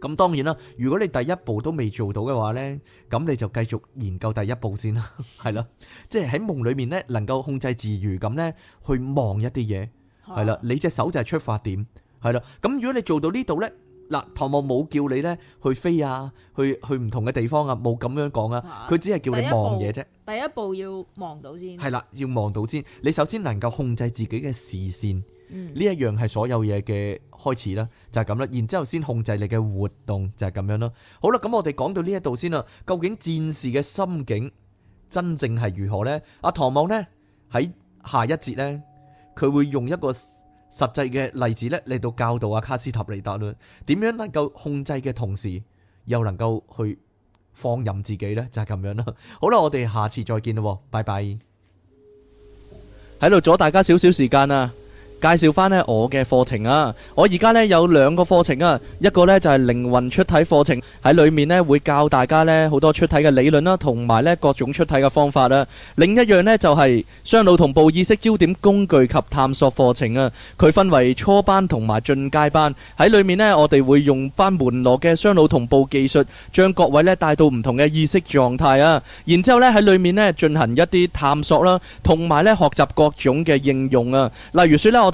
咁當然啦，如果你第一步都未做到嘅話呢，咁你就繼續研究第一步先啦，係啦，即係喺夢裏面呢能夠控制自如咁呢，去望一啲嘢，係啦，你隻手就係出發點，係啦，咁如果你做到呢度呢。嗱，唐望冇叫你咧去飛啊，去去唔同嘅地方啊，冇咁樣講啊，佢、啊、只係叫你望嘢啫。第一步要望到先。係啦，要望到先。你首先能夠控制自己嘅視線，呢一樣係所有嘢嘅開始啦，就係咁啦。然之後先控制你嘅活動就係、是、咁樣咯。好啦，咁我哋講到呢一度先啦。究竟戰士嘅心境真正係如何呢？阿唐望呢，喺下一節呢，佢會用一個。實際嘅例子咧嚟到教導阿卡斯塔尼達啦，點樣能夠控制嘅同時又能夠去放任自己咧，就係咁樣啦。好啦，我哋下次再見啦，拜拜。喺度阻大家少少時間啊！介紹翻呢我嘅課程啊！我而家呢有兩個課程啊，一個呢就係靈魂出體課程，喺裏面呢會教大家呢好多出體嘅理論啦，同埋呢各種出體嘅方法啦。另一樣呢就係雙腦同步意識焦點工具及探索課程啊。佢分為初班同埋進階班，喺裏面呢我哋會用翻門羅嘅雙腦同步技術，將各位呢帶到唔同嘅意識狀態啊。然之後呢喺裏面呢進行一啲探索啦，同埋呢學習各種嘅應用啊。例如説呢我。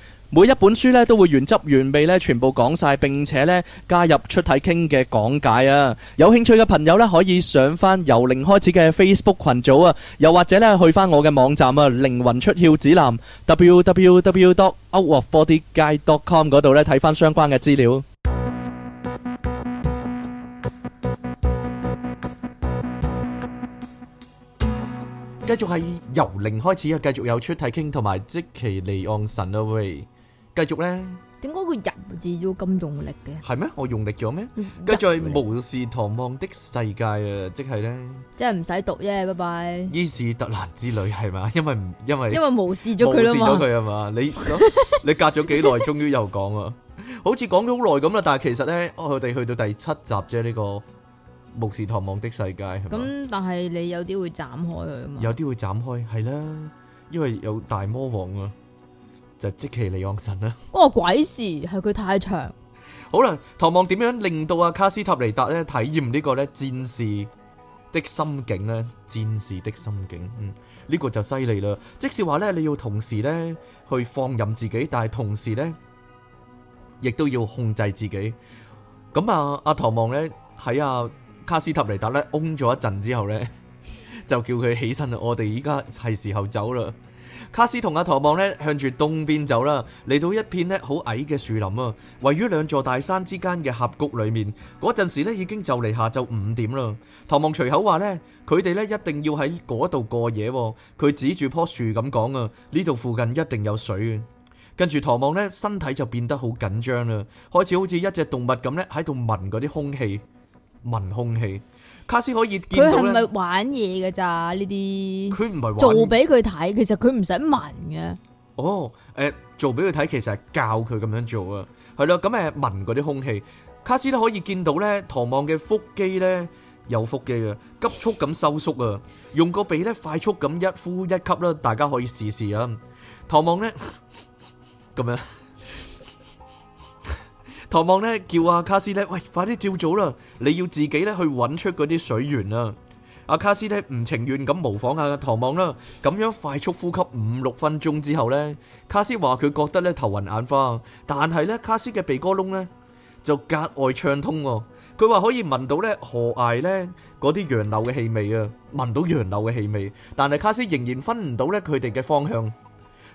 每一本書咧都會原汁原味咧全部講晒，並且咧加入出體傾嘅講解啊！有興趣嘅朋友咧可以上翻由零開始嘅 Facebook 群組啊，又或者咧去翻我嘅網站啊靈魂出竅指南 www.outofbodyguide.com 嗰度咧睇翻相關嘅資料。繼續係由零開始啊！繼續有出體傾同埋即其離岸神啊喂！繼續咧？點解個人字要咁用力嘅？係咩？我用力咗咩？繼續係巫士唐望的世界啊，即係咧，即係唔使讀啫，拜拜。伊士特蘭之旅係嘛？因為唔因為因為無視咗佢咯嘛？你你隔咗幾耐，終於又講啊？好似講咗好耐咁啦，但係其實咧，我哋去到第七集啫，呢個巫士唐望的世界。咁但係你有啲會斬開佢啊？有啲會斬開係啦，因為有大魔王啊。就即其離昂神啦，哦，個鬼事係佢太長。好啦，唐望點樣令到阿卡斯塔尼達咧體驗呢個咧戰士的心境咧？戰士的心境，嗯，呢、這個就犀利啦。即使話咧你要同時咧去放任自己，但係同時咧亦都要控制自己。咁啊，阿、啊、唐望咧喺阿卡斯塔尼達咧嗡咗一陣之後咧，就叫佢起身啦。我哋依家係時候走啦。卡斯同阿唐望咧向住東邊走啦，嚟到一片咧好矮嘅樹林啊，位於兩座大山之間嘅峽谷裏面。嗰陣時咧已經就嚟下晝五點啦。唐望隨口話咧，佢哋咧一定要喺嗰度過夜。佢指住棵樹咁講啊，呢度附近一定有水啊。跟住唐望咧身體就變得好緊張啦，開始好似一隻動物咁咧喺度聞嗰啲空氣，聞空氣。卡斯可以見到，佢係咪玩嘢嘅咋呢啲？佢唔係做俾佢睇，其實佢唔使聞嘅。哦，誒、呃，做俾佢睇，其實係教佢咁樣做啊。係咯，咁、呃、誒，聞嗰啲空氣，卡斯都可以見到咧，唐望嘅腹肌咧有腹肌嘅，急速咁收縮啊，用個鼻咧快速咁一呼一吸啦，大家可以試試啊。唐望咧咁 樣。唐望咧叫阿卡斯咧，喂，快啲照早啦！你要自己咧去揾出嗰啲水源啊！阿卡斯咧唔情願咁模仿下阿唐望啦，咁樣快速呼吸五六分鐘之後咧，卡斯話佢覺得咧頭暈眼花，但係咧卡斯嘅鼻哥窿咧就格外暢通喎，佢話可以聞到咧河崖咧嗰啲楊柳嘅氣味啊，聞到楊柳嘅氣味，但係卡斯仍然分唔到咧佢哋嘅方向。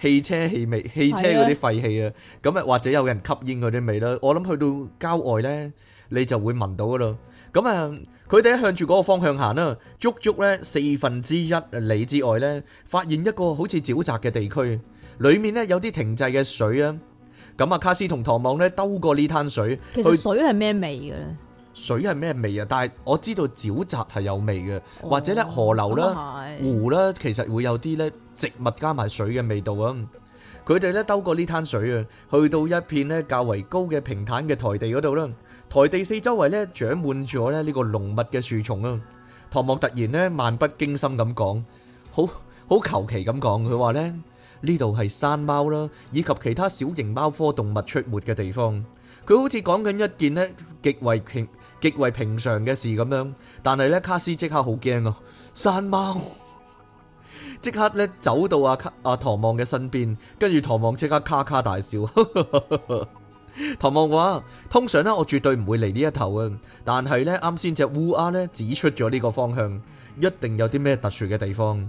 汽車氣味、汽車嗰啲廢氣啊，咁啊或者有人吸煙嗰啲味啦。我諗去到郊外咧，你就會聞到啦。咁啊，佢哋向住嗰個方向行啦，足足咧四分之一里之外咧，發現一個好似沼澤嘅地區，裏面咧有啲停滯嘅水啊。咁啊，卡斯同唐望咧兜過呢灘水，其實水係咩味嘅咧？水係咩味啊？但係我知道沼澤係有味嘅，或者咧河流啦、湖啦，其實會有啲咧植物加埋水嘅味道啊。佢哋咧兜過呢灘水啊，去到一片咧較為高嘅平坦嘅台地嗰度啦。台地四周圍咧長滿住咗咧呢個濃密嘅樹叢啊。唐望突然咧漫不經心咁講，好好求其咁講，佢話咧呢度係山貓啦，以及其他小型貓科動物出沒嘅地方。佢好似講緊一件咧極為奇。極為平常嘅事咁樣，但係咧卡斯即刻好驚 啊。山貓即刻咧走到阿卡阿唐望嘅身邊，跟住唐望即刻咔咔大笑。唐 望話：「通常咧我絕對唔會嚟呢一頭啊。」但係咧啱先隻烏鴉咧指出咗呢個方向，一定有啲咩特殊嘅地方。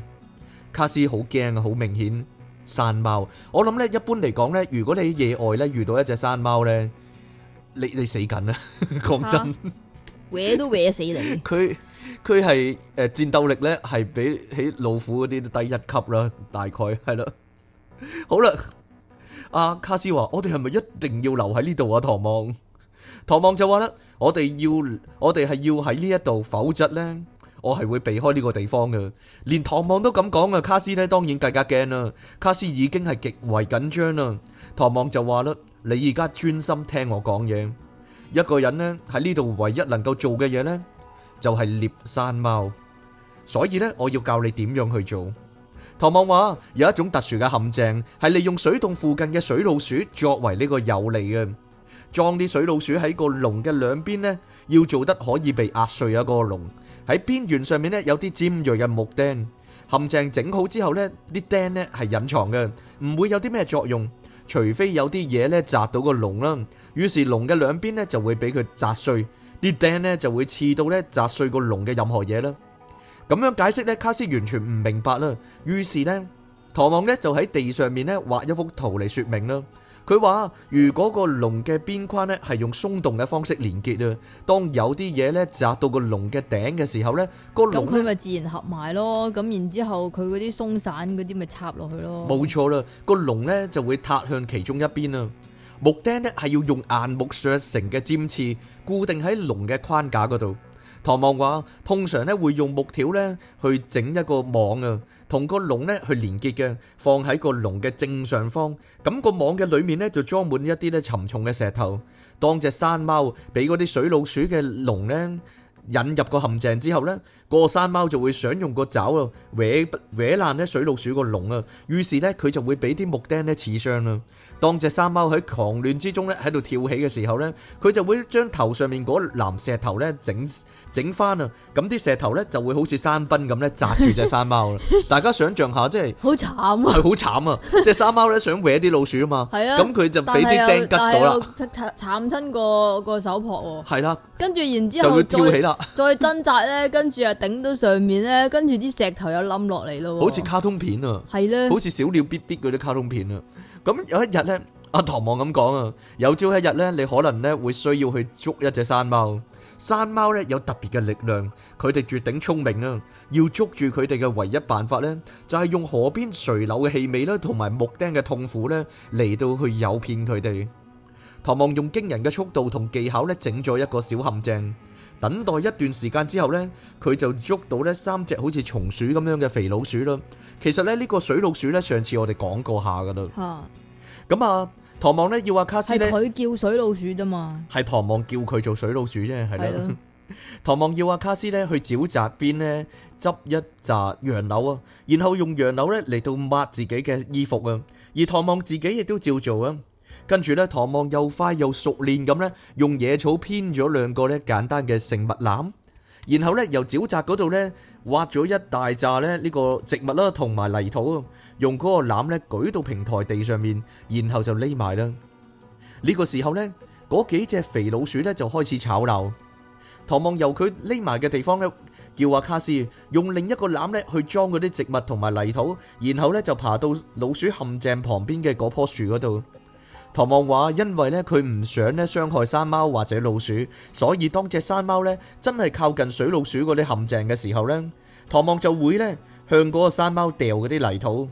卡斯好驚啊，好明顯。山貓，我諗咧一般嚟講咧，如果你喺野外咧遇到一隻山貓咧。你你死緊啦！講 真的，搲都搲死你。佢佢係誒戰鬥力咧，係比起老虎嗰啲都低一級啦，大概係啦。好啦，阿、啊、卡斯話：我哋係咪一定要留喺呢度啊？唐望，唐望就話啦：我哋要，我哋係要喺呢一度，否則咧，我係會避開呢個地方嘅。連唐望都咁講啊，卡斯咧，當然大家驚啦。卡斯已經係極為緊張啦。唐望就話啦。你而家專心聽我講嘢。一個人咧喺呢度唯一能夠做嘅嘢呢，就係獵山貓。所以呢，我要教你點樣去做。唐望話有一種特殊嘅陷阱，係利用水洞附近嘅水老鼠作為呢個誘餌嘅。撞啲水老鼠喺個籠嘅兩邊呢，要做得可以被壓碎一個籠。喺邊緣上面呢，有啲尖銳嘅木釘。陷阱整好之後呢，啲釘呢係隱藏嘅，唔會有啲咩作用。除非有啲嘢咧砸到個龍啦，於是龍嘅兩邊咧就會俾佢砸碎，啲釘咧就會刺到咧砸碎個龍嘅任何嘢啦。咁樣解釋咧，卡斯完全唔明白啦。於是咧，唐望咧就喺地上面咧畫一幅圖嚟說明啦。佢話：如果個籠嘅邊框咧係用鬆動嘅方式連結啊，當有啲嘢咧扎到個籠嘅頂嘅時候咧，個籠咪自然合埋咯。咁然之後佢嗰啲鬆散嗰啲咪插落去咯。冇錯啦，個籠咧就會塌向其中一邊啦。木釘咧係要用硬木削成嘅尖刺固定喺籠嘅框架嗰度。唐望話：通常咧會用木條咧去整一個網啊。同個籠咧去連結嘅，放喺個籠嘅正上方。咁個網嘅裏面咧就裝滿一啲咧沉重嘅石頭，當隻山貓俾嗰啲水老鼠嘅籠咧引入個陷阱之後咧，個山貓就會想用個爪啊搲搲爛咧水老鼠個籠啊。於是咧佢就會俾啲木釘咧刺傷啦。當隻山貓喺狂亂之中咧喺度跳起嘅時候咧，佢就會將頭上面嗰藍石頭咧整。整翻啊！咁啲石頭咧就會好似山崩咁咧砸住隻山貓啦。大家想象下，即係好慘啊！係好慘啊！即係山貓咧想搲啲老鼠啊嘛，咁佢就俾啲釘拮到啦，慘親個個手膊喎。係啦，跟住然之後就會跳起啦，再掙扎咧，跟住啊頂到上面咧，跟住啲石頭又冧落嚟咯，好似卡通片啊，係啦，好似小鳥嗶嗶嗰啲卡通片啊。咁有一日咧，阿唐望咁講啊，有朝一日咧，你可能咧會需要去捉一隻山貓。山貓咧有特別嘅力量，佢哋絕頂聰明啊！要捉住佢哋嘅唯一辦法呢，就係用河邊垂柳嘅氣味啦，同埋木釘嘅痛苦呢，嚟到去誘騙佢哋。唐望用驚人嘅速度同技巧呢，整咗一個小陷阱，等待一段時間之後呢，佢就捉到呢三隻好似松鼠咁樣嘅肥老鼠啦。其實呢呢個水老鼠呢，上次我哋講過下㗎喇，咁啊。唐望咧要阿卡斯咧，係佢叫水老鼠啫嘛，係唐望叫佢做水老鼠啫，係啦。唐望 要阿卡斯咧去沼澤邊咧執一紮楊柳啊，然後用楊柳咧嚟到抹自己嘅衣服啊，而唐望自己亦都照做啊。跟住咧，唐望又快又熟練咁咧，用野草編咗兩個咧簡單嘅食物籃。然後咧，由沼澤嗰度咧挖咗一大揸咧呢個植物啦，同埋泥土，用嗰個籃咧舉到平台地上面，然後就匿埋啦。呢個時候咧，嗰幾隻肥老鼠咧就開始吵鬧。唐望由佢匿埋嘅地方咧叫阿卡斯用另一個籃咧去裝嗰啲植物同埋泥土，然後咧就爬到老鼠陷阱旁邊嘅嗰棵樹嗰度。唐望話，因為咧佢唔想咧傷害山貓或者老鼠，所以當隻山貓咧真係靠近水老鼠嗰啲陷阱嘅時候咧，唐望就會咧向嗰個山貓掉嗰啲泥土。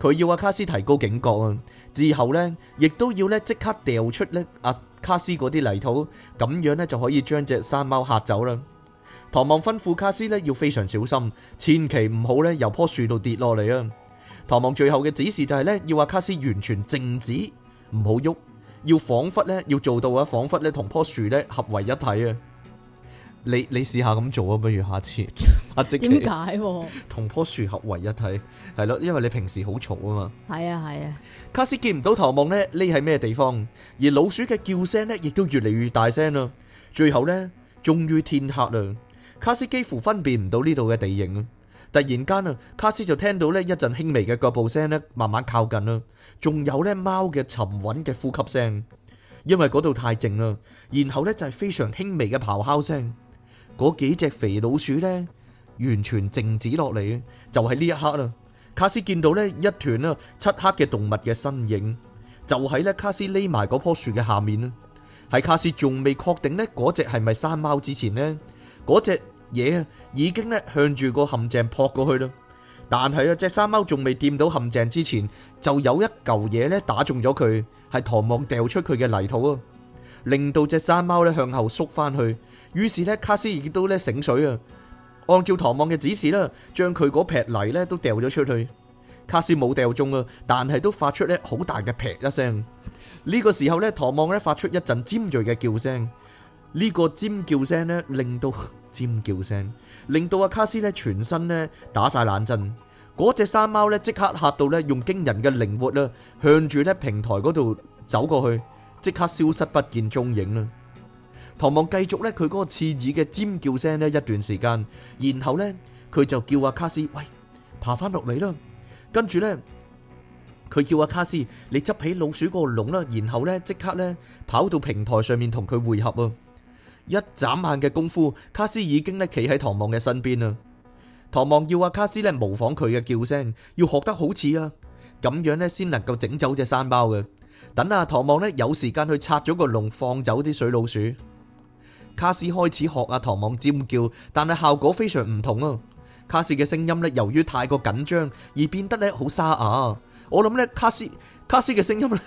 佢要阿卡斯提高警覺啊，之後咧亦都要咧即刻掉出咧阿卡斯嗰啲泥土，咁樣咧就可以將隻山貓嚇走啦。唐望吩咐卡斯咧要非常小心，千祈唔好咧由棵樹度跌落嚟啊！唐望最後嘅指示就係咧要阿卡斯完全靜止。唔好喐，要仿佛咧，要做到啊！仿佛咧，同棵樹咧合為一體啊！你你試下咁做啊，不如下次阿直點解同棵樹合為一體係咯？因為你平時好嘈啊嘛。係啊係啊，卡斯見唔到唐望咧，匿喺咩地方？而老鼠嘅叫聲咧，亦都越嚟越大聲啦。最後咧，終於天黑啦，卡斯幾乎分辨唔到呢度嘅地形啊。突然間啊，卡斯就聽到呢一陣輕微嘅腳步聲咧，慢慢靠近啦。仲有呢貓嘅沉穩嘅呼吸聲，因為嗰度太靜啦。然後呢，就係非常輕微嘅咆哮聲。嗰幾隻肥老鼠呢，完全靜止落嚟，就喺呢一刻啦。卡斯見到呢一團呢漆黑嘅動物嘅身影，就喺呢卡斯匿埋嗰棵樹嘅下面。喺卡斯仲未確定呢嗰隻係咪山貓之前呢，嗰隻。嘢啊，已經咧向住個陷阱撲過去啦。但係啊，隻山貓仲未掂到陷阱之前，就有一嚿嘢咧打中咗佢，係唐望掉出佢嘅泥土啊，令到隻山貓咧向後縮翻去。於是咧，卡斯亦都咧醒水啊，按照唐望嘅指示啦，將佢嗰撇泥咧都掉咗出去。卡斯冇掉中啊，但係都發出咧好大嘅劈一聲。呢個時候咧，唐望咧發出一陣尖銳嘅叫聲。呢個尖叫聲咧，令到。尖叫聲令到阿卡斯咧全身咧打晒冷震，嗰隻山貓咧即刻吓到咧用驚人嘅靈活啦，向住咧平台嗰度走過去，即刻消失不見蹤影啦。唐望繼續咧佢嗰個刺耳嘅尖叫聲咧一段時間，然後呢，佢就叫阿卡斯喂，爬翻落嚟啦，跟住呢，佢叫阿卡斯你執起老鼠個籠啦，然後呢，即刻呢，跑到平台上面同佢匯合啊。一眨眼嘅功夫，卡斯已經咧企喺唐望嘅身邊啦。唐望要阿卡斯咧模仿佢嘅叫聲，要學得好似啊，咁樣咧先能夠整走隻山包嘅。等阿唐望咧有時間去拆咗個籠，放走啲水老鼠。卡斯開始學阿唐望尖叫，但係效果非常唔同啊。卡斯嘅聲音咧，由於太過緊張而變得咧好沙啞。我諗咧卡斯卡斯嘅聲音咧。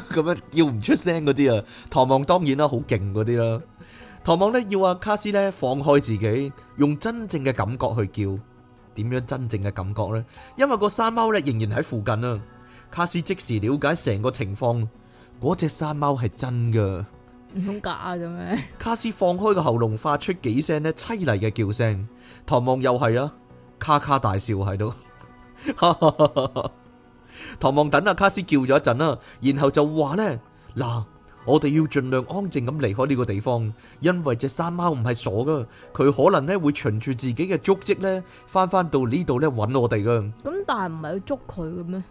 咁樣叫唔出聲嗰啲啊，唐望當然啦，好勁嗰啲啦。唐望呢要阿卡斯呢放開自己，用真正嘅感覺去叫。點樣真正嘅感覺呢？因為個山貓呢仍然喺附近啊。卡斯即時了解成個情況，嗰隻山貓係真噶，唔通假嘅咩？卡斯放開個喉嚨發出幾聲呢凄厲嘅叫聲，唐望又係啊，咔咔大笑喺度。唐望等阿卡斯叫咗一陣啦，然後就話咧，嗱，我哋要盡量安靜咁離開呢個地方，因為隻山貓唔係傻噶，佢可能咧會循住自己嘅足跡咧翻翻到呢度咧搵我哋噶。咁但係唔係去捉佢嘅咩？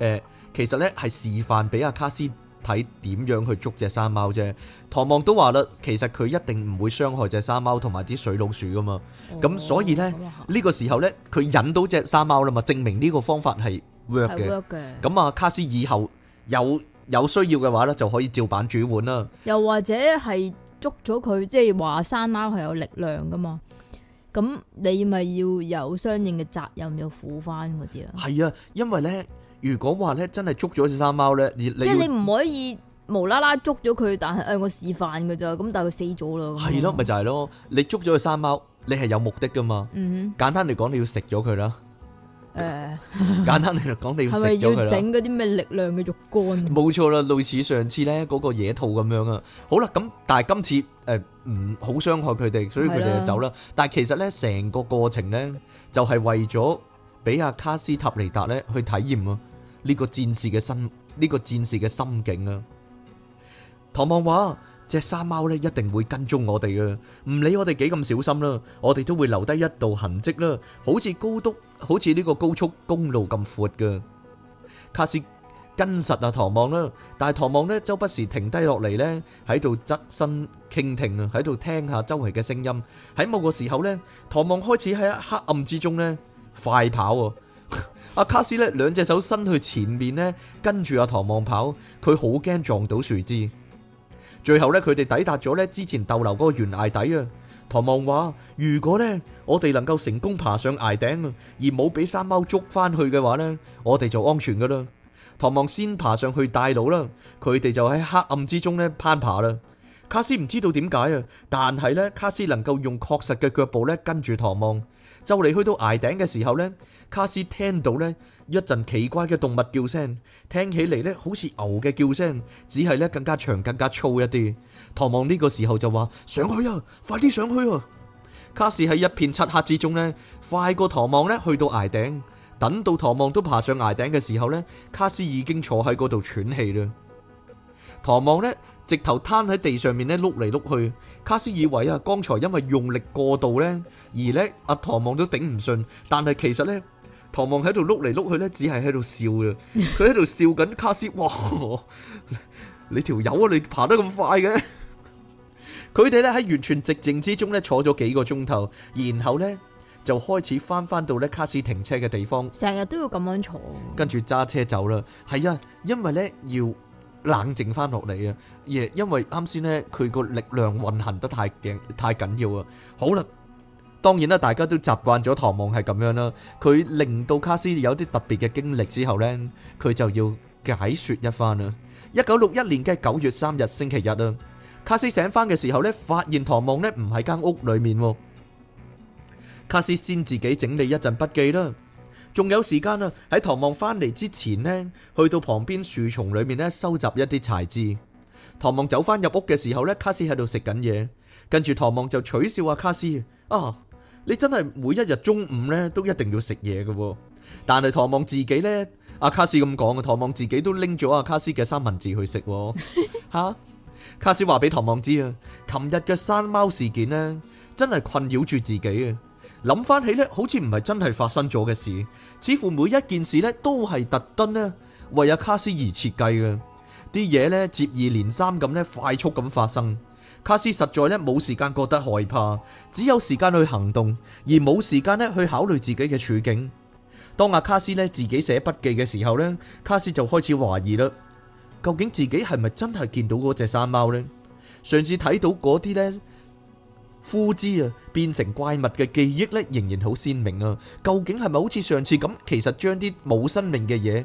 誒，其實咧係示範俾阿卡斯睇點樣去捉隻山貓啫。唐望都話啦，其實佢一定唔會傷害隻山貓同埋啲水老鼠噶嘛。咁所以咧呢個時候咧，佢引到隻山貓啦嘛，證明呢個方法係。work 嘅咁啊，卡斯以後有有需要嘅話咧，就可以照板煮碗啦。又或者係捉咗佢，即係話山貓係有力量噶嘛？咁你咪要有相應嘅責任要負翻嗰啲啊。係啊，因為咧，如果話咧真係捉咗隻山貓咧，你即係你唔可以無啦啦捉咗佢，但係誒我示範噶咋？咁但係佢死咗咯。係咯，咪就係咯，你捉咗隻山貓，你係有目的噶嘛？嗯哼，簡單嚟講，你要食咗佢啦。誒，簡單嚟講，你要食咗佢啦。係咪 要整嗰啲咩力量嘅肉乾？冇錯啦，類似上次咧嗰個野兔咁樣啊。好啦，咁但係今次誒唔好傷害佢哋，所以佢哋就走啦。的但係其實咧，成個過程咧就係、是、為咗俾阿卡斯塔尼達咧去體驗啊，呢個戰士嘅心，呢、這個戰士嘅心境啊。唐望話。隻山貓咧，一定會跟蹤我哋嘅，唔理我哋幾咁小心啦，我哋都會留低一道痕跡啦，好似高都，好似呢個高速公路咁闊嘅。卡斯跟實阿唐望啦，但係唐望咧，周不時停低落嚟，咧喺度側身傾聽啊，喺度聽下周圍嘅聲音。喺某個時候咧，唐望開始喺黑暗之中咧快跑啊，阿卡斯咧兩隻手伸去前面咧，跟住阿唐望跑，佢好驚撞到樹枝。最後咧，佢哋抵達咗咧之前逗留嗰個懸崖底啊。唐望話：如果咧我哋能夠成功爬上崖頂，而冇俾山貓捉翻去嘅話咧，我哋就安全噶啦。唐望先爬上去帶路啦，佢哋就喺黑暗之中咧攀爬啦。卡斯唔知道點解啊，但係咧卡斯能夠用確實嘅腳步咧跟住唐望。就嚟去到崖頂嘅時候呢，卡斯聽到呢一陣奇怪嘅動物叫聲，聽起嚟呢好似牛嘅叫聲，只係呢更加長，更加粗一啲。唐望呢個時候就話：上去啊，快啲上去啊！卡斯喺一片漆黑之中呢，快過唐望呢去到崖頂。等到唐望都爬上崖頂嘅時候呢，卡斯已經坐喺嗰度喘氣啦。唐望呢。直頭攤喺地上面咧，碌嚟碌去。卡斯以為啊，剛才因為用力過度咧，而咧阿唐望都頂唔順。但係其實咧，唐望喺度碌嚟碌去咧，只係喺度笑嘅。佢喺度笑緊卡斯。哇！你條友啊，你爬得咁快嘅。佢哋咧喺完全寂靜之中咧坐咗幾個鐘頭，然後咧就開始翻翻到咧卡斯停車嘅地方。成日都要咁樣坐。跟住揸車走啦。係啊，因為咧要。冷靜翻落嚟啊！而因為啱先咧，佢個力量運行得太勁太緊要啊！好啦，當然啦，大家都習慣咗唐望係咁樣啦。佢令到卡斯有啲特別嘅經歷之後咧，佢就要解說一番啦。一九六一年嘅九月三日星期日啊，卡斯醒翻嘅時候咧，發現唐望咧唔喺間屋裏面。卡斯先自己整理一陣筆記啦。仲有時間啊！喺唐望翻嚟之前呢，去到旁邊樹叢裏面呢，收集一啲柴枝。唐望走翻入屋嘅時候呢，卡斯喺度食緊嘢，跟住唐望就取笑阿卡斯，啊，你真係每一日中午呢都一定要食嘢嘅。但係唐望自己呢，阿卡斯咁講啊，唐望自己都拎咗阿卡斯嘅三文治去食。吓、啊， 卡斯話俾唐望知啊，琴日嘅山貓事件呢，真係困擾住自己啊。諗翻起咧，好似唔係真係發生咗嘅事，似乎每一件事呢，都係特登呢，為阿卡斯而設計嘅，啲嘢呢，接二連三咁呢，快速咁發生。卡斯實在呢，冇時間覺得害怕，只有時間去行動，而冇時間呢，去考慮自己嘅處境。當阿卡斯呢，自己寫筆記嘅時候呢，卡斯就開始懷疑啦，究竟自己係咪真係見到嗰隻山貓呢？上次睇到嗰啲呢。枯枝啊，變成怪物嘅記憶咧，仍然好鮮明啊！究竟係咪好似上次咁，其實將啲冇生命嘅嘢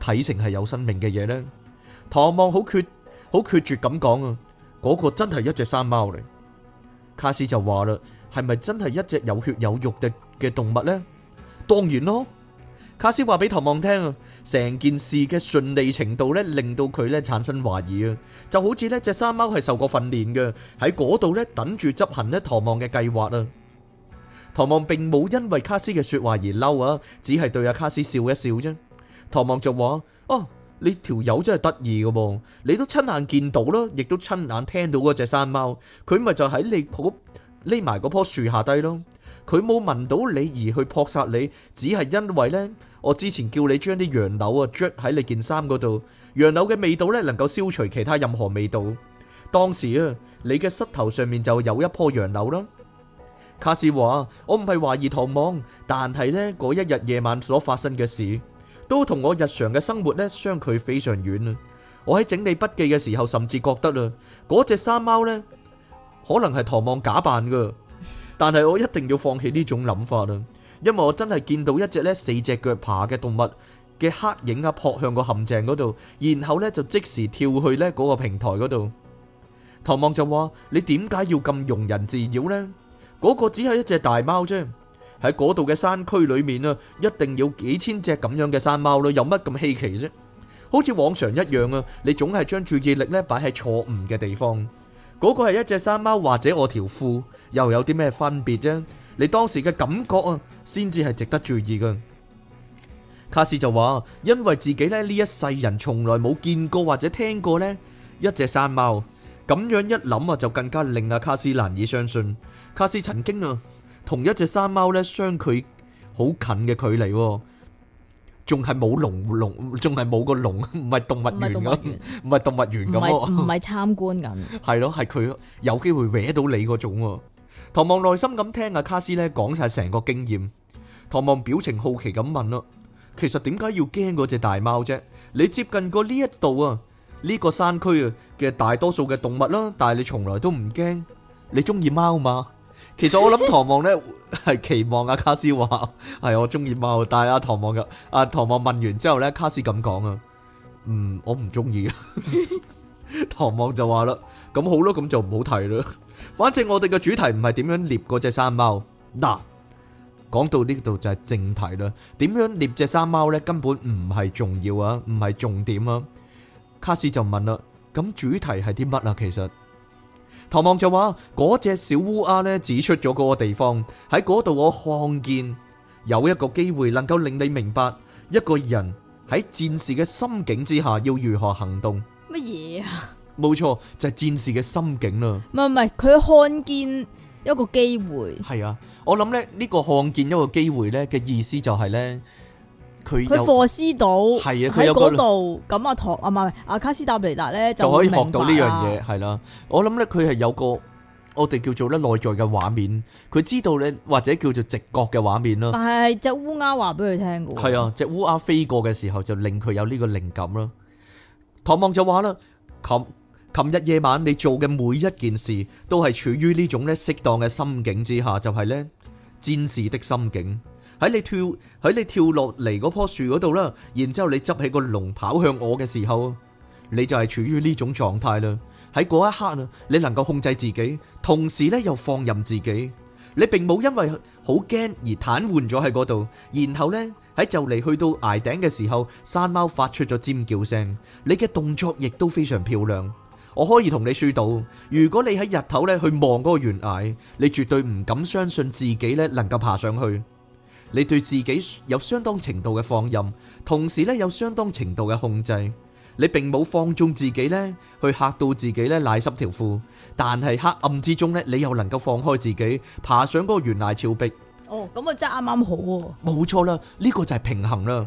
睇成係有生命嘅嘢呢？唐望好決好決絕咁講啊，嗰個真係一隻山貓嚟。卡斯就話啦，係咪真係一隻有血有肉嘅嘅動物呢？當然咯，卡斯話俾唐望聽啊。成件事嘅順利程度咧，令到佢咧產生懷疑啊！就好似呢隻山貓係受過訓練嘅，喺嗰度咧等住執行咧唐望嘅計劃啊！唐望並冇因為卡斯嘅説話而嬲啊，只係對阿卡斯笑一笑啫。唐望就話：哦，你條友真係得意嘅噃！你都親眼見到啦，亦都親眼聽到嗰隻山貓，佢咪就喺你撲匿埋嗰棵樹下低咯。佢冇聞到你而去撲殺你，只係因為呢。」我之前叫你將啲楊柳啊，捽喺你件衫嗰度。楊柳嘅味道咧，能夠消除其他任何味道。當時啊，你嘅膝頭上面就有一棵楊柳啦。卡斯話：我唔係懷疑唐望，但係咧嗰一日夜晚所發生嘅事，都同我日常嘅生活咧相距非常遠啊！我喺整理筆記嘅時候，甚至覺得啦，嗰隻山貓咧，可能係唐望假扮噶。但係我一定要放棄呢種諗法啊！因為我真係見到一隻咧四隻腳爬嘅動物嘅黑影啊撲向個陷阱嗰度，然後咧就即時跳去咧嗰個平台嗰度。唐望就話：你點解要咁庸人自擾咧？嗰個只係一隻大貓啫，喺嗰度嘅山區裏面啊，一定要幾千隻咁樣嘅山貓咯，有乜咁稀奇啫？好似往常一樣啊，你總係將注意力咧擺喺錯誤嘅地方。嗰個係一隻山貓，或者我條褲，又有啲咩分別啫？你當時嘅感覺啊，先至係值得注意嘅。卡斯就話：因為自己咧呢一世人從來冇見過或者聽過呢一隻山貓，咁樣一諗啊，就更加令阿卡斯難以相信。卡斯曾經啊，同一隻山貓咧相距好近嘅距離，仲係冇籠籠，仲係冇個籠，唔係動物園咁，唔係動物園咁，唔係參觀咁。係咯，係佢有機會搲到你嗰種。唐望耐心咁聽阿卡斯咧講晒成個經驗，唐望表情好奇咁問啦，其實點解要驚嗰隻大貓啫？你接近過呢一度啊，呢、這個山區啊嘅大多數嘅動物啦，但係你從來都唔驚，你中意貓嘛？其實我諗唐望咧係期望阿、啊、卡斯話係 我中意貓，但係阿唐望嘅阿唐望問完之後咧，卡斯咁講啊，嗯，我唔中意。唐望就話啦，咁好咯，咁就唔好提啦。反正我哋嘅主題唔係點樣獵嗰隻山貓，嗱，講到呢度就係正題啦。點樣獵隻山貓咧，根本唔係重要啊，唔係重點啊。卡斯就問啦，咁主題係啲乜啊？其實，唐望就話嗰隻小烏鴉咧指出咗嗰個地方，喺嗰度我看見有一個機會能夠令你明白一個人喺戰士嘅心境之下要如何行動。乜嘢啊？冇錯，就係、是、戰士嘅心境啦。唔係唔係，佢看見一個機會。係啊，我諗咧呢個看見一個機會咧嘅意思就係咧，佢佢霍斯島係啊喺嗰度。咁阿唐啊唔係阿卡斯達尼達咧就，就可以學到呢樣嘢係啦。我諗咧佢係有個我哋叫做咧內在嘅畫面，佢知道咧或者叫做直覺嘅畫面咯。但係隻烏鴉話俾佢聽嘅，係啊，隻烏鴉飛過嘅時候就令佢有呢個靈感咯。唐望就話啦，冚。琴日夜晚，你做嘅每一件事，都係處於呢種咧適當嘅心境之下，就係咧戰士的心境。喺你跳喺你跳落嚟嗰棵樹嗰度啦，然之後你執起個籠跑向我嘅時候，你就係處於呢種狀態啦。喺嗰一刻啊，你能夠控制自己，同時咧又放任自己。你並冇因為好驚而癱瘓咗喺嗰度。然後呢，喺就嚟去到崖頂嘅時候，山貓發出咗尖叫聲。你嘅動作亦都非常漂亮。我可以同你輸到，如果你喺日頭咧去望嗰個懸崖，你絕對唔敢相信自己咧能夠爬上去。你對自己有相當程度嘅放任，同時咧有相當程度嘅控制。你並冇放縱自己咧去嚇到自己咧賴濕條褲，但係黑暗之中咧，你又能夠放開自己爬上嗰個懸崖峭壁。哦，咁啊，真係啱啱好。冇錯啦，呢、這個就係平衡啦。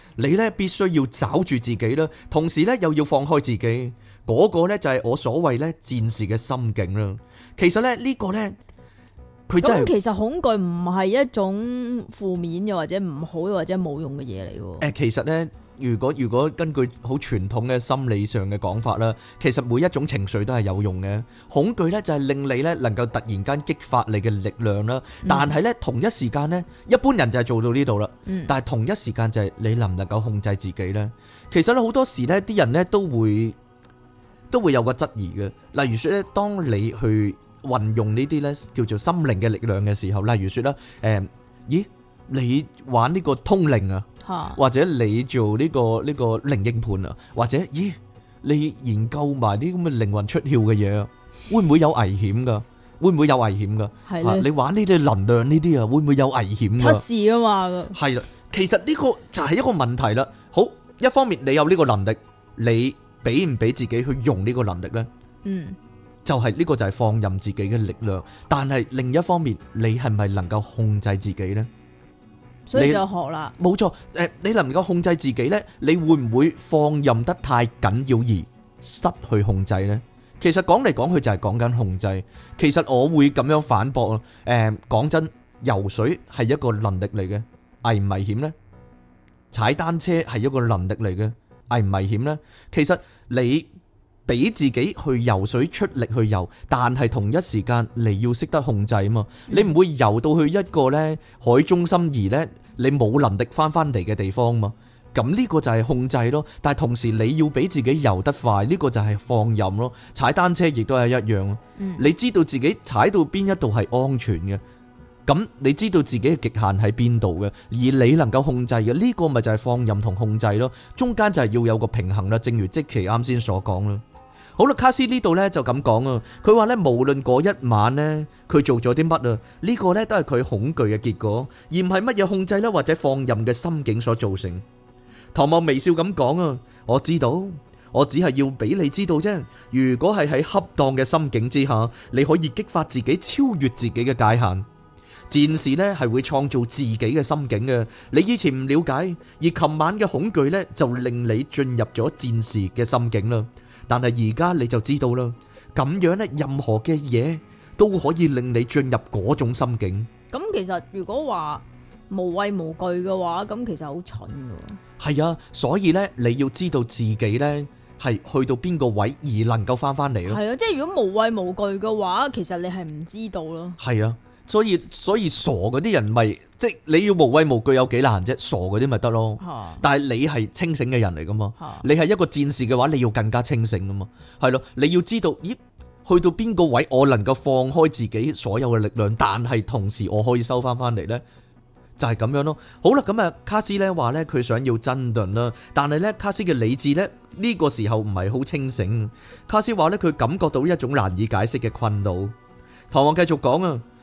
你咧，必須要找住自己啦，同時咧又要放開自己，嗰、那個咧就係我所謂咧戰士嘅心境啦。其實咧、這、呢個咧，佢真係咁，其實恐懼唔係一種負面又或者唔好又或者冇用嘅嘢嚟㗎。誒，其實咧。如果如果根據好傳統嘅心理上嘅講法啦，其實每一種情緒都係有用嘅。恐懼呢就係令你呢能夠突然間激發你嘅力量啦。但係呢同一時間呢，一般人就係做到呢度啦。但係同一時間就係你能唔能夠控制自己呢？其實咧好多時呢，啲人呢都會都會有個質疑嘅。例如說咧，當你去運用呢啲呢叫做心靈嘅力量嘅時候，例如說啦，誒，咦，你玩呢個通靈啊？或者你做呢個呢個靈應盤啊，或者咦，你研究埋啲咁嘅靈魂出竅嘅嘢，會唔會有危險噶？會唔會有危險噶？係啦，你玩呢啲能量呢啲啊，會唔會有危險噶？出事噶嘛？係啦，其實呢個就係一個問題啦。好，一方面你有呢個能力，你俾唔俾自己去用呢個能力咧？嗯，就係呢個就係放任自己嘅力量。但係另一方面，你係咪能夠控制自己咧？所以就學啦，冇錯。誒，你能夠控制自己呢，你會唔會放任得太緊要而失去控制呢？其實講嚟講去就係講緊控制。其實我會咁樣反駁啊。誒，講真，游水係一個能力嚟嘅，危唔危險呢？踩單車係一個能力嚟嘅，危唔危險呢？其實你。俾自己去游水出力去游，但係同一時間你要識得控制嘛，你唔會游到去一個咧海中心而咧你冇能力翻翻嚟嘅地方嘛。咁呢個就係控制咯，但係同時你要俾自己游得快，呢、這個就係放任咯。踩單車亦都係一樣，你知道自己踩到邊一度係安全嘅，咁你知道自己嘅極限喺邊度嘅，而你能夠控制嘅呢、這個咪就係放任同控制咯，中間就係要有個平衡啦。正如積奇啱先所講啦。好啦，卡斯呢度咧就咁講啊，佢話咧，無論嗰一晚咧佢做咗啲乜啊，呢個咧都係佢恐懼嘅結果，而唔係乜嘢控制啦或者放任嘅心境所造成。唐望微笑咁講啊，我知道，我只係要俾你知道啫。如果係喺恰當嘅心境之下，你可以激發自己超越自己嘅界限。戰士咧係會創造自己嘅心境嘅，你以前唔了解，而琴晚嘅恐懼咧就令你進入咗戰士嘅心境啦。但係而家你就知道啦，咁樣咧，任何嘅嘢，都可以令你進入嗰種心境。咁其實如果話無畏無懼嘅話，咁其實好蠢㗎。係啊，所以咧你要知道自己咧係去到邊個位而能夠翻翻嚟咯。係啊，即係如果無畏無懼嘅話，其實你係唔知道咯。係啊。所以所以傻嗰啲人咪即係你要無畏無懼有幾難啫？傻嗰啲咪得咯。但係你係清醒嘅人嚟噶嘛？你係一個戰士嘅話，你要更加清醒噶嘛？係咯，你要知道，咦，去到邊個位我能夠放開自己所有嘅力量，但係同時我可以收翻翻嚟呢，就係咁樣咯。好啦，咁啊，卡斯呢話呢，佢想要爭論啦，但係呢，卡斯嘅理智呢，呢個時候唔係好清醒。卡斯話呢，佢感覺到一種難以解釋嘅困擾。唐望繼續講啊。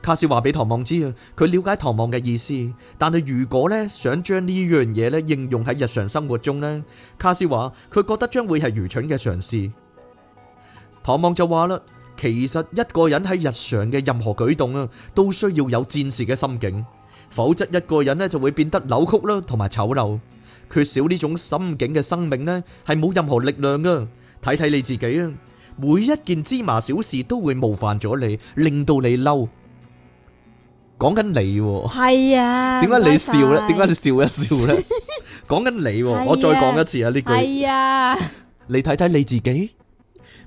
卡斯話俾唐望知啊，佢了解唐望嘅意思，但係如果咧想將呢樣嘢咧應用喺日常生活中咧，卡斯話佢覺得將會係愚蠢嘅嘗試。唐望就話啦，其實一個人喺日常嘅任何舉動啊，都需要有戰士嘅心境，否則一個人咧就會變得扭曲啦，同埋醜陋，缺少呢種心境嘅生命咧係冇任何力量噶。睇睇你自己啊，每一件芝麻小事都會冒犯咗你，令到你嬲。講緊你係啊，點解、啊、你笑咧？點解你，你笑一笑咧？講緊 你、啊， 我再講一次啊！呢句，啊啊、你睇睇你自己，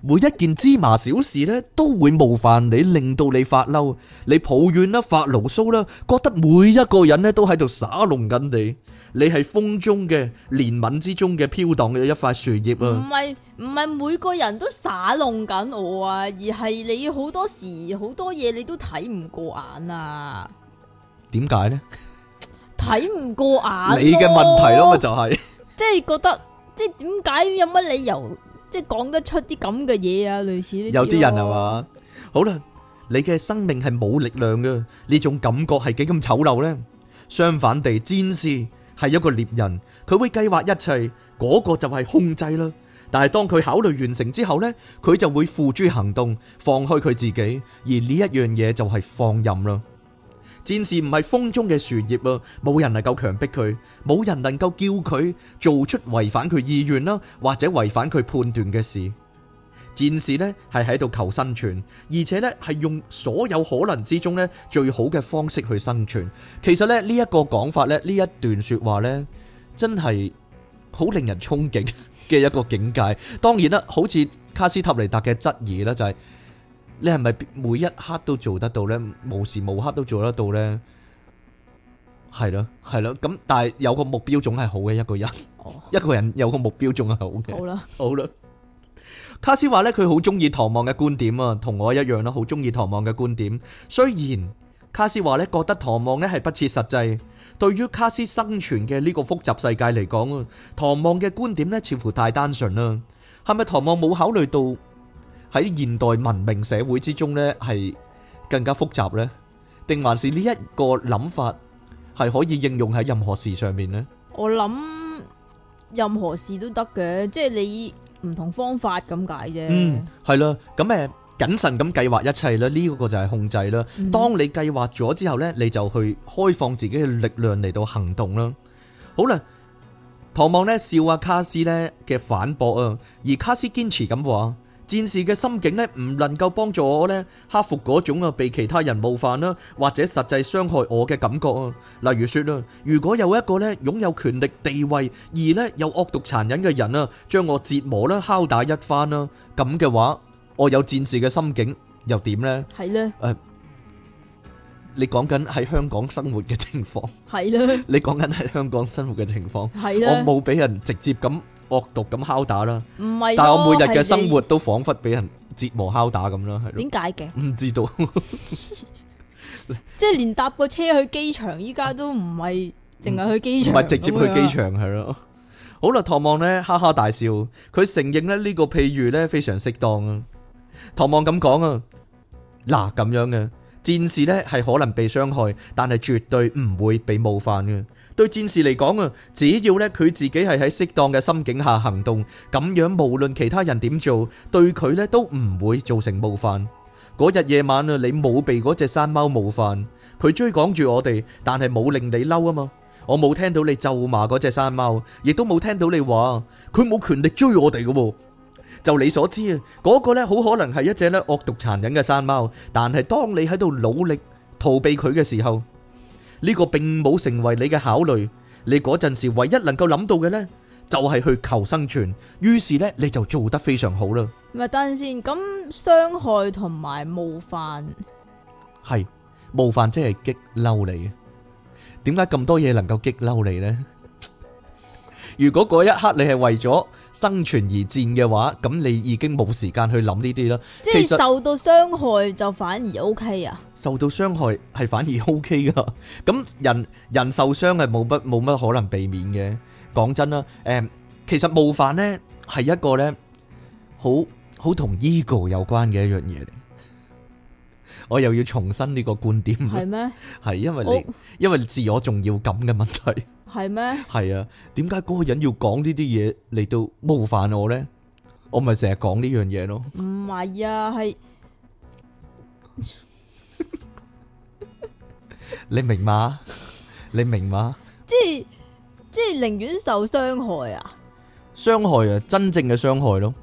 每一件芝麻小事呢，都會冒犯你，令到你發嬲，你抱怨啦，發牢騷啦，覺得每一個人呢，都喺度耍弄緊你。你係風中嘅憐憫之中嘅飄蕩嘅一塊樹葉啊！唔係，唔係每個人都耍弄緊我啊，而係你好多時好多嘢你都睇唔過眼啊！點解呢？睇唔 過眼，你嘅問題咯，就係，咪就係即係覺得即係點解有乜理由即係講得出啲咁嘅嘢啊？類似呢？有啲人係嘛？ 好啦，你嘅生命係冇力量嘅呢種感覺係幾咁醜陋呢？相反地，戰士。係一個獵人，佢會計劃一切，嗰個就係控制啦。但係當佢考慮完成之後呢，佢就會付諸行動，放開佢自己。而呢一樣嘢就係放任啦。戰士唔係風中嘅樹葉啊，冇人能夠強迫佢，冇人能夠叫佢做出違反佢意願啦，或者違反佢判斷嘅事。戰士呢係喺度求生存，而且呢係用所有可能之中呢最好嘅方式去生存。其實咧，呢一個講法呢，呢一段說話呢真係好令人憧憬嘅一個境界。當然啦，好似卡斯塔尼達嘅質疑啦，就係你係咪每一刻都做得到呢？無時無刻都做得到呢？係咯，係咯。咁但係有個目標總係好嘅。一個人，一個人有個目標總係好嘅。好啦，好啦。卡斯話咧佢好中意唐望嘅觀點啊，同我一樣啦，好中意唐望嘅觀點。雖然卡斯話咧覺得唐望咧係不切實際，對於卡斯生存嘅呢個複雜世界嚟講啊，唐望嘅觀點咧似乎太單純啦。係咪唐望冇考慮到喺現代文明社會之中咧係更加複雜呢？定還是呢一個諗法係可以應用喺任何事上面呢？我諗任何事都得嘅，即係你。唔同方法咁解啫，嗯，係啦，咁誒，謹慎咁計劃一切啦，呢個就係控制啦。當你計劃咗之後咧，你就去開放自己嘅力量嚟到行動啦。好啦，唐望咧笑阿卡斯咧嘅反駁啊，而卡斯堅持咁話。戰士嘅心境呢，唔能夠幫助我呢克服嗰種啊被其他人冒犯啦，或者實際傷害我嘅感覺啊。例如說啦，如果有一個呢擁有權力地位而呢又惡毒殘忍嘅人啊，將我折磨啦、敲打一番啦，咁嘅話，我有戰士嘅心境又點呢？係呢，誒，你講緊喺香港生活嘅情況係呢，你講緊喺香港生活嘅情況係呢，我冇俾人直接咁。惡毒咁敲打啦，但係我每日嘅生活都仿佛俾人折磨敲打咁啦，係咯，點解嘅？唔知道， 即係連搭個車去機場，依家都唔係淨係去機場，唔係直接去機場係咯。好啦，唐望呢，哈哈大笑，佢承認咧呢個譬喻呢非常適當啊。唐望咁講啊，嗱咁樣嘅戰士呢係可能被傷害，但係絕對唔會被冒犯嘅。對戰士嚟講啊，只要咧佢自己係喺適當嘅心境下行動，咁樣無論其他人點做，對佢咧都唔會造成冒犯。嗰日夜晚啊，你冇被嗰隻山貓冒犯，佢追趕住我哋，但係冇令你嬲啊嘛。我冇聽到你咒罵嗰隻山貓，亦都冇聽到你話佢冇權力追我哋噶。就你所知啊，嗰個咧好可能係一隻咧惡毒殘忍嘅山貓，但係當你喺度努力逃避佢嘅時候。呢個並冇成為你嘅考慮，你嗰陣時唯一能夠諗到嘅呢，就係去求生存。於是呢，你就做得非常好啦。咪等陣先，咁傷害同埋冒犯，係冒犯即係激嬲你嘅。點解咁多嘢能夠激嬲你呢？如果嗰一刻你係為咗生存而戰嘅話，咁你已經冇時間去諗呢啲啦。即係其實受到傷害就反而 OK 啊？受到傷害係反而 OK 噶。咁人人受傷係冇乜冇乜可能避免嘅。講真啦，誒、嗯，其實冒犯呢係一個呢好好同 ego 有關嘅一樣嘢。 我又要重申呢個觀點。係咩嗎？係 因為你我因為自我重要感嘅問題。係咩？係啊，點解嗰個人要講呢啲嘢嚟到冒犯我咧？我咪成日講呢樣嘢咯？唔係啊，係你明嗎？你明嗎？即係即係寧願受傷害啊！傷害啊，真正嘅傷害咯！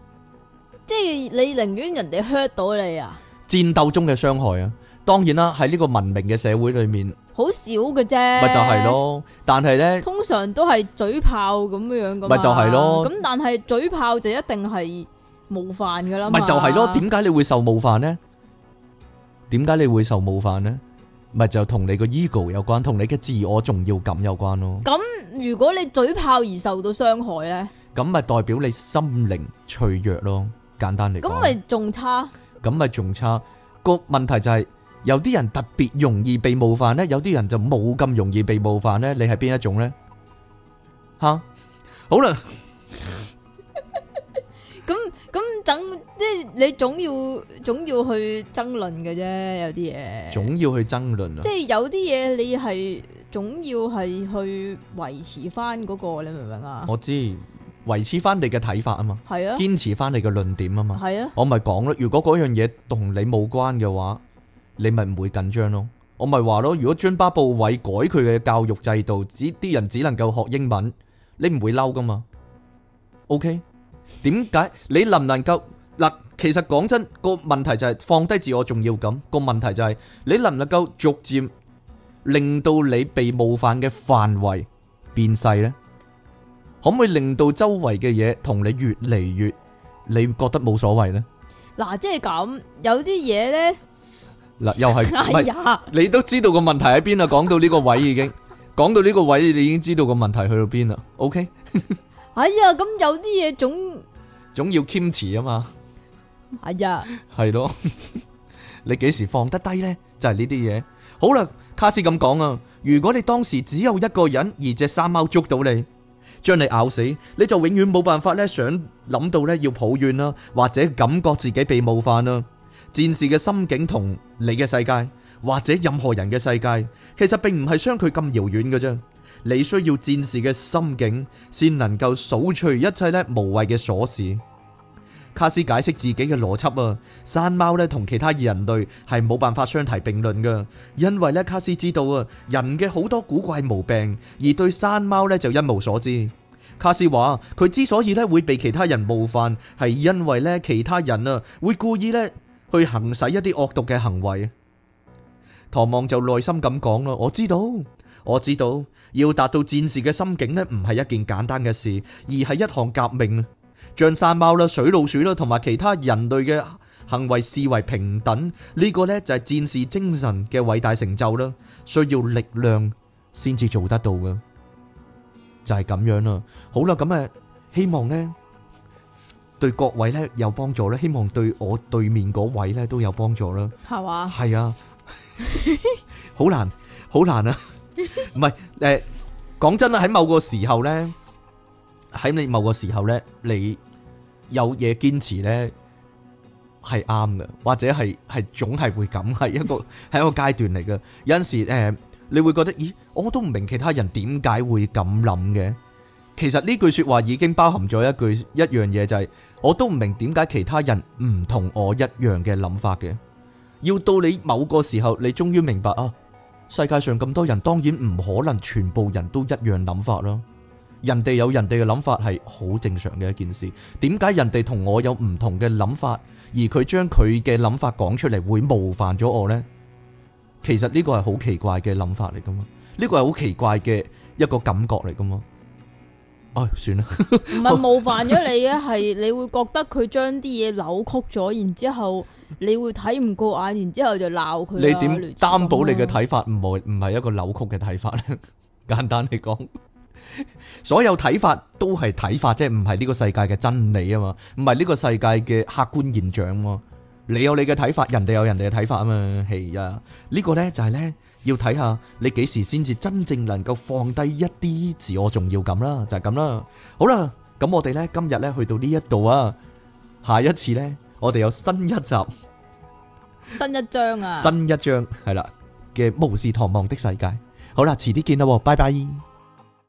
即係你寧願人哋 hurt 到你啊？戰鬥中嘅傷害啊！當然啦，喺呢個文明嘅社會裏面。好少嘅啫，咪就係咯。但係咧，通常都係嘴炮咁樣樣噶嘛，咪就係咯。咁但係嘴炮就一定係冒犯噶啦，咪就係咯。點解你會受冒犯咧？點解你會受冒犯咧？咪就同你個 ego 有關，同你嘅自我重要感有關咯。咁如果你嘴炮而受到傷害咧，咁咪代表你心靈脆弱咯。簡單嚟講，咁咪仲差，咁咪仲差。個問題就係。有啲人特別容易被冒犯咧，有啲人就冇咁容易被冒犯咧。你係邊一種咧？吓？好啦，咁咁等即係你總要總要去爭論嘅啫。有啲嘢總要去爭論，即係有啲嘢你係總要係去維持翻嗰個，你明唔明啊？我知維持翻你嘅睇法啊嘛，係啊，堅持翻你嘅論點啊嘛，係啊，我咪講咯。如果嗰樣嘢同你冇關嘅話。你咪唔會緊張咯，我咪話咯，如果將巴布韋改佢嘅教育制度，只啲人只能夠學英文，你唔會嬲噶嘛？OK？點解？你能唔能夠嗱？其實講真，個問題就係放低自我重要感，個問題就係你能唔能夠逐漸令到你被冒犯嘅範圍變細呢？可唔可以令到周圍嘅嘢同你越嚟越你覺得冇所謂呢？嗱，即係咁，有啲嘢呢。嗱，又係，你都知道個問題喺邊啦。講到呢個位已經，講到呢個位，你已經知道個問題去到邊啦。OK，哎呀，咁有啲嘢總總要堅持啊嘛。係呀，係咯，你幾時放得低咧？就係呢啲嘢。好啦，卡斯咁講啊，如果你當時只有一個人，而隻山貓捉到你，將你咬死，你就永遠冇辦法咧，想諗到咧要抱怨啦，或者感覺自己被冒犯啦。戰士嘅心境同你嘅世界或者任何人嘅世界，其實並唔係相距咁遙遠嘅啫。你需要戰士嘅心境，先能夠掃除一切咧無謂嘅瑣事。卡斯解釋自己嘅邏輯啊，山貓咧同其他人類係冇辦法相提並論噶，因為咧卡斯知道啊，人嘅好多古怪毛病，而對山貓咧就一無所知。卡斯話佢之所以咧會被其他人冒犯，係因為咧其他人啊會故意咧。去行使一啲惡毒嘅行為，唐望就耐心咁講啦。我知道，我知道要達到戰士嘅心境呢，唔係一件簡單嘅事，而係一項革命啊。將山貓啦、水老鼠啦，同埋其他人類嘅行為視為平等，呢個呢就係戰士精神嘅偉大成就啦。需要力量先至做得到噶，就係咁樣啦。好啦，咁啊，希望呢。對各位咧有幫助咧，希望對我對面嗰位咧都有幫助啦。係嘛？係啊，好難，好難啊！唔係誒，講真啊，喺某個時候咧，喺你某個時候咧，你有嘢堅持咧係啱嘅，或者係係總係會咁，係一個係一個階段嚟嘅。有陣時誒，你會覺得咦，我都唔明其他人點解會咁諗嘅。其實呢句說話已經包含咗一句一樣嘢，就是，就係我都唔明點解其他人唔同我一樣嘅諗法嘅。要到你某個時候，你終於明白啊！世界上咁多人，當然唔可能全部人都一樣諗法啦。人哋有人哋嘅諗法係好正常嘅一件事。點解人哋同我有唔同嘅諗法，而佢將佢嘅諗法講出嚟，會冒犯咗我呢？其實呢個係好奇怪嘅諗法嚟噶嘛？呢、呢個係好奇怪嘅一個感覺嚟噶嘛？哦，算啦，唔係冒犯咗你嘅係 你會覺得佢將啲嘢扭曲咗，然之後你會睇唔過眼，然之後就鬧佢。你點怎擔保你嘅睇法唔係唔係一個扭曲嘅睇法呢？簡單嚟講，所有睇法都係睇法，即係唔係呢個世界嘅真理啊嘛，唔係呢個世界嘅客觀現象嘛。你有你嘅睇法，人哋有人哋嘅睇法啊嘛，係啊，呢、呢個呢就係呢。要睇下你幾時先至真正能夠放低一啲自我重要感啦，就係咁啦。好啦，咁我哋呢今日呢去到呢一度啊，下一次呢，我哋有新一集，新一章啊，新一章係啦嘅巫士唐望的世界。好啦，遲啲見啦，拜拜。